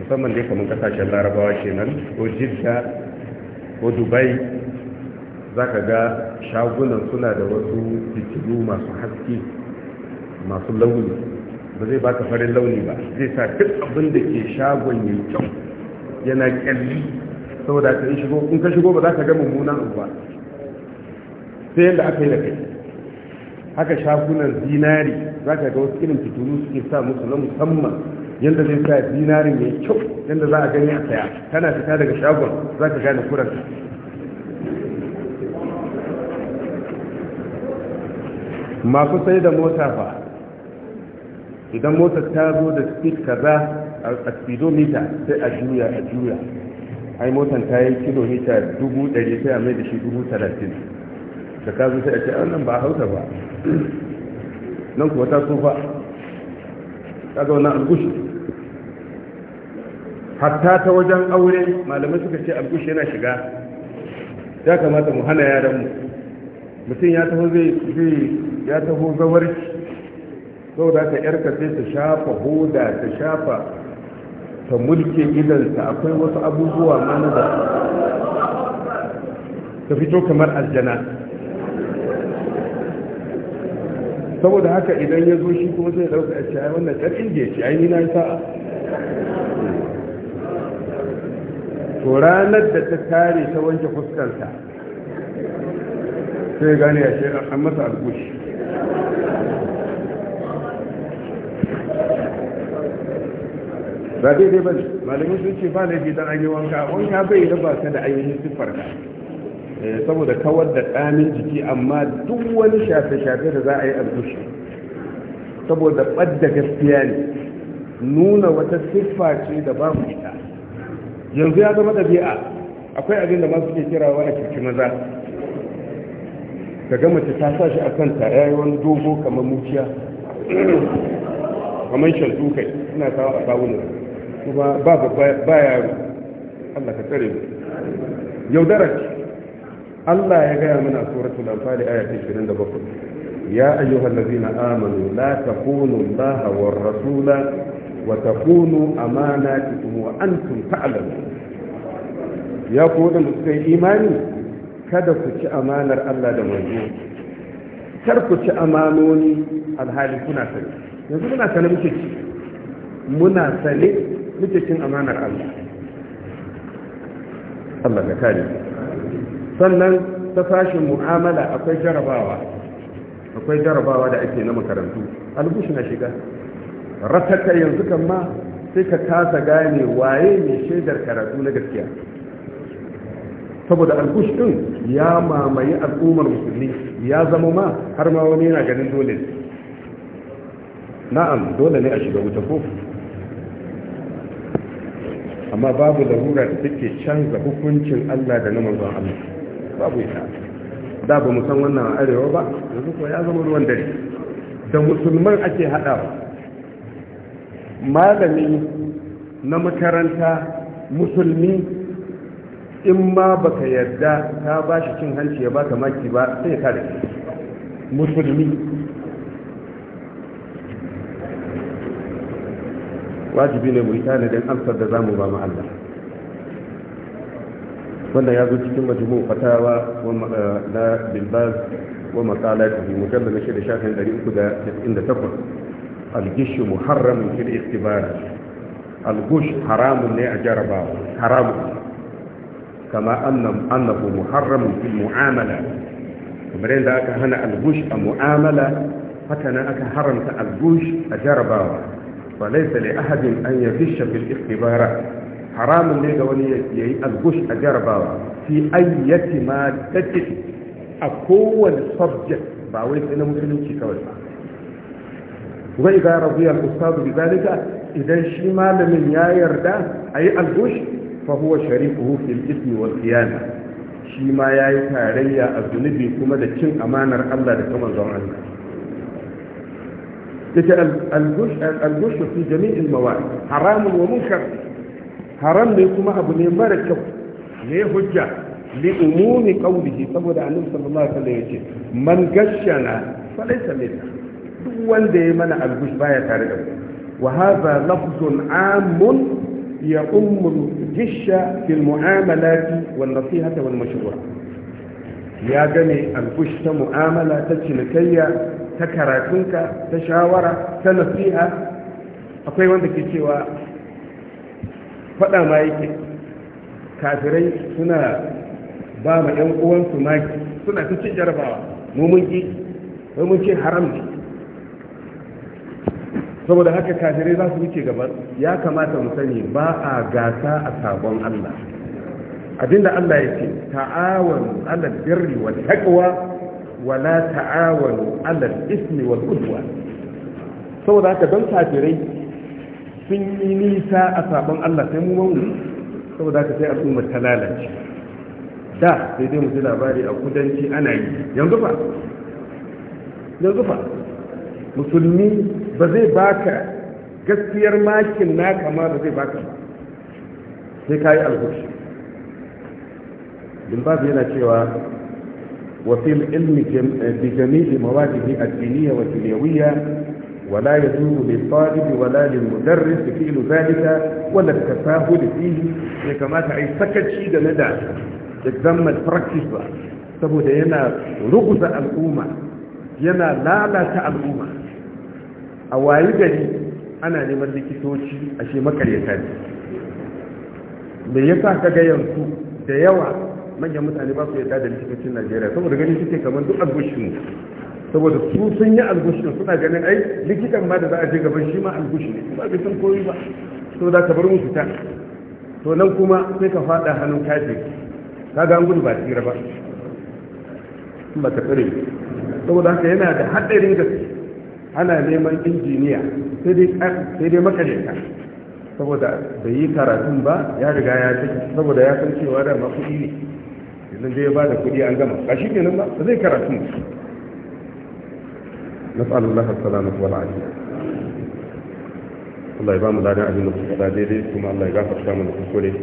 musamman dai kamar kasashen larabawa kenan ko jidda ko dubai za ka ga shagunan suna da wasu fitilu masu haske masu launi ba zai baka farin launi ba zai sa duk abin da ke shagon ya kyau yana kyalli saboda in ka shigo ba za ka ga mummunan abu ba sai yadda aka yi da kai haka shagunan zinari za ka ga wasu irin fitilu suke sa musu na musamman yadda zai sa zinari mai kyau yadda za a gani a saya kana fita daga shagon za ka gane kuran masu sai da mota fa idan motar ta zo da speed kaza a speedometer sai a juya a juya ai motar ta yi kilomita 100 sai a mai da shi 30 da ka sai a ce wannan ah, ba hausa ba nan kuwa ta tsufa ta ga wannan algushi hatta ta wajen aure malamai suka ce algushi yana shiga ya kamata mu hana yaranmu mutum ya taho zai ya taho shi sau da ka yarka sai ta shafa hoda ta shafa ta mulke gidansa akwai wasu abubuwa ma na da ta fito kamar aljana saboda haka idan ya zo shi kuma zai dauka a ciyayi wannan ƙarfin da ya ci na yi sa'a to ranar da ta tare ta wanke fuskanta sai gane ya ce an masa algushi ba daidai ba ne malamin sun ce ba laifi don an yi wanka ya bai da ba ta da ainihin ka Eh, saboda kawar da tsamin jiki amma duk wani shafe-shafe da za a yi albushi saboda ɓadda gaskiya ne nuna wata siffa ce da ba babu ita yanzu ya zama ɗabi'a akwai abin da masu ke kirawa a cikin maza ka ga ta sa shi a kanta ya yi wani dogo kamar muciya kamar shantu kai suna sawa a kawunan kuma ba ba yaro Allah ka tsare mu yaudarar Allah ya gaya mana suratul anfal aya 27 ya ayyuhal ladzina amanu la taqulu allaha war rasula wa taqulu amanatukum wa antum ta'lamun ya ku da suka yi imani kada ku ci amanar Allah da manzo kar ku ci amanoni alhali kuna sani yanzu muna sani muke ci muna sani muke cin amanar Allah Allah ya kare sannan ta fashin mu'amala akwai jarabawa akwai jarabawa da ake na makarantu albushi na shiga rataka yanzu kan ma sai ka kasa gane waye mai shaidar karatu na gaskiya saboda albush din ya mamaye al'ummar musulmi ya zama ma har ma wani yana ganin dole na'am dole ne a shiga wuta ko amma babu larura da take canza hukuncin Allah da na manzon Allah babu ita da ba mu san wannan arewa ba yanzu ko ya zama ruwan dare da musulman ake haɗawa malami na makaranta musulmi in ma baka yarda ta ba shi cin hanci ya baka maki ba sai ka da musulmi wajibi ne mu yi tanadin amsar da zamu ba mu Allah wanda ya zo cikin majmu fatawa na bilbaz wa makala ta fi mujallar na shida shafin ɗari da tasa'in da takwas algishu muharramin fil iktibar algush haramun ne a jaraba haramun kama annam annahu muharramun fil mu'amala kamar yadda aka hana algush a mu'amala haka nan aka haramta algush a jarabawa li ahadin an yafisha fil الاختبارات حرام ليه دولي يأي الغش أجربا في أي ما تجد أقوى الصرجة باويت إنه ممكن أن يكون وإذا رضي الأستاذ بذلك إذا شما لمن ياير دا أي الغش فهو شريكه في الإثم والخيانة شما يايك علي أذنبي كما دكين أمانا رحمة لكما زرعنا الجوش الجوش في جميع المواد حرام ومنكر haram ne kuma abu ne mara kyau ne hujja li umumi qawlihi saboda annabi sallallahu alaihi wasallam yace man gashana falaysa minna duk wanda ya mana algush baya tare da mu wa hadha lafzun amun ya ummu jisha fil wan nasihati wal mashwara ya gane algush ta mu'amala ta cinikayya ta karatunka ta shawara ta nasiha akwai wanda ke cewa faɗa ma yake kafirai suna ba ma ‘yan uwansu maki suna ta cin jarabawa mun ki mu mun ce haram ne saboda haka kafirai za su wuce gaba ya kamata mu sani ba a gasa a sabon Allah abinda Allah ya ce ta'awanu alal birri wal taqwa wala ta'awanu alal ismi wal udwan saboda haka don kafirai sun yi nisa a sabon Allah sai mu wani saboda ka sai al'ummar ta lalace da sai dai mu ji labari a kudanci ana yi yanzu fa yanzu fa musulmi ba zai baka gaskiyar makin na kama ba zai baka ba sai ka yi alhushi dimbabu yana cewa وفي العلم بجميع مواجه الدينية والدنيوية ولا يجوز للطالب ولا للمدرس فعل ذلك ولا التساهل فيه ya kamata a yi sakaci da na da examen practice ba saboda yana ruguza al'umma yana lalata al'umma a wayi gari ana neman likitoci a shi makaryata ne me yasa kaga yanzu da yawa manyan mutane ba su yarda da likitocin Najeriya saboda gani suke kamar duk albushin saboda su sun yi algushin suna ganin ai likitan ma da za a je gaban shi ma algushi ne ba bisan koyi ba to da ka bar musu ta to nan kuma sai ka fada hannun kafin ka an gudu ba tsira ba ba ka tsire saboda haka yana da haɗarin gaske ana neman injiniya sai dai makareta saboda bai yi karatun ba ya riga ya ce saboda ya san cewa da ma kuɗi ne idan dai ya ba da kuɗi an gama ba shi kenan ba zai karatun نسأل الله السلامة والعافية الله يبارك لنا أهل المسجد ديدي ثم الله يبارك لنا كل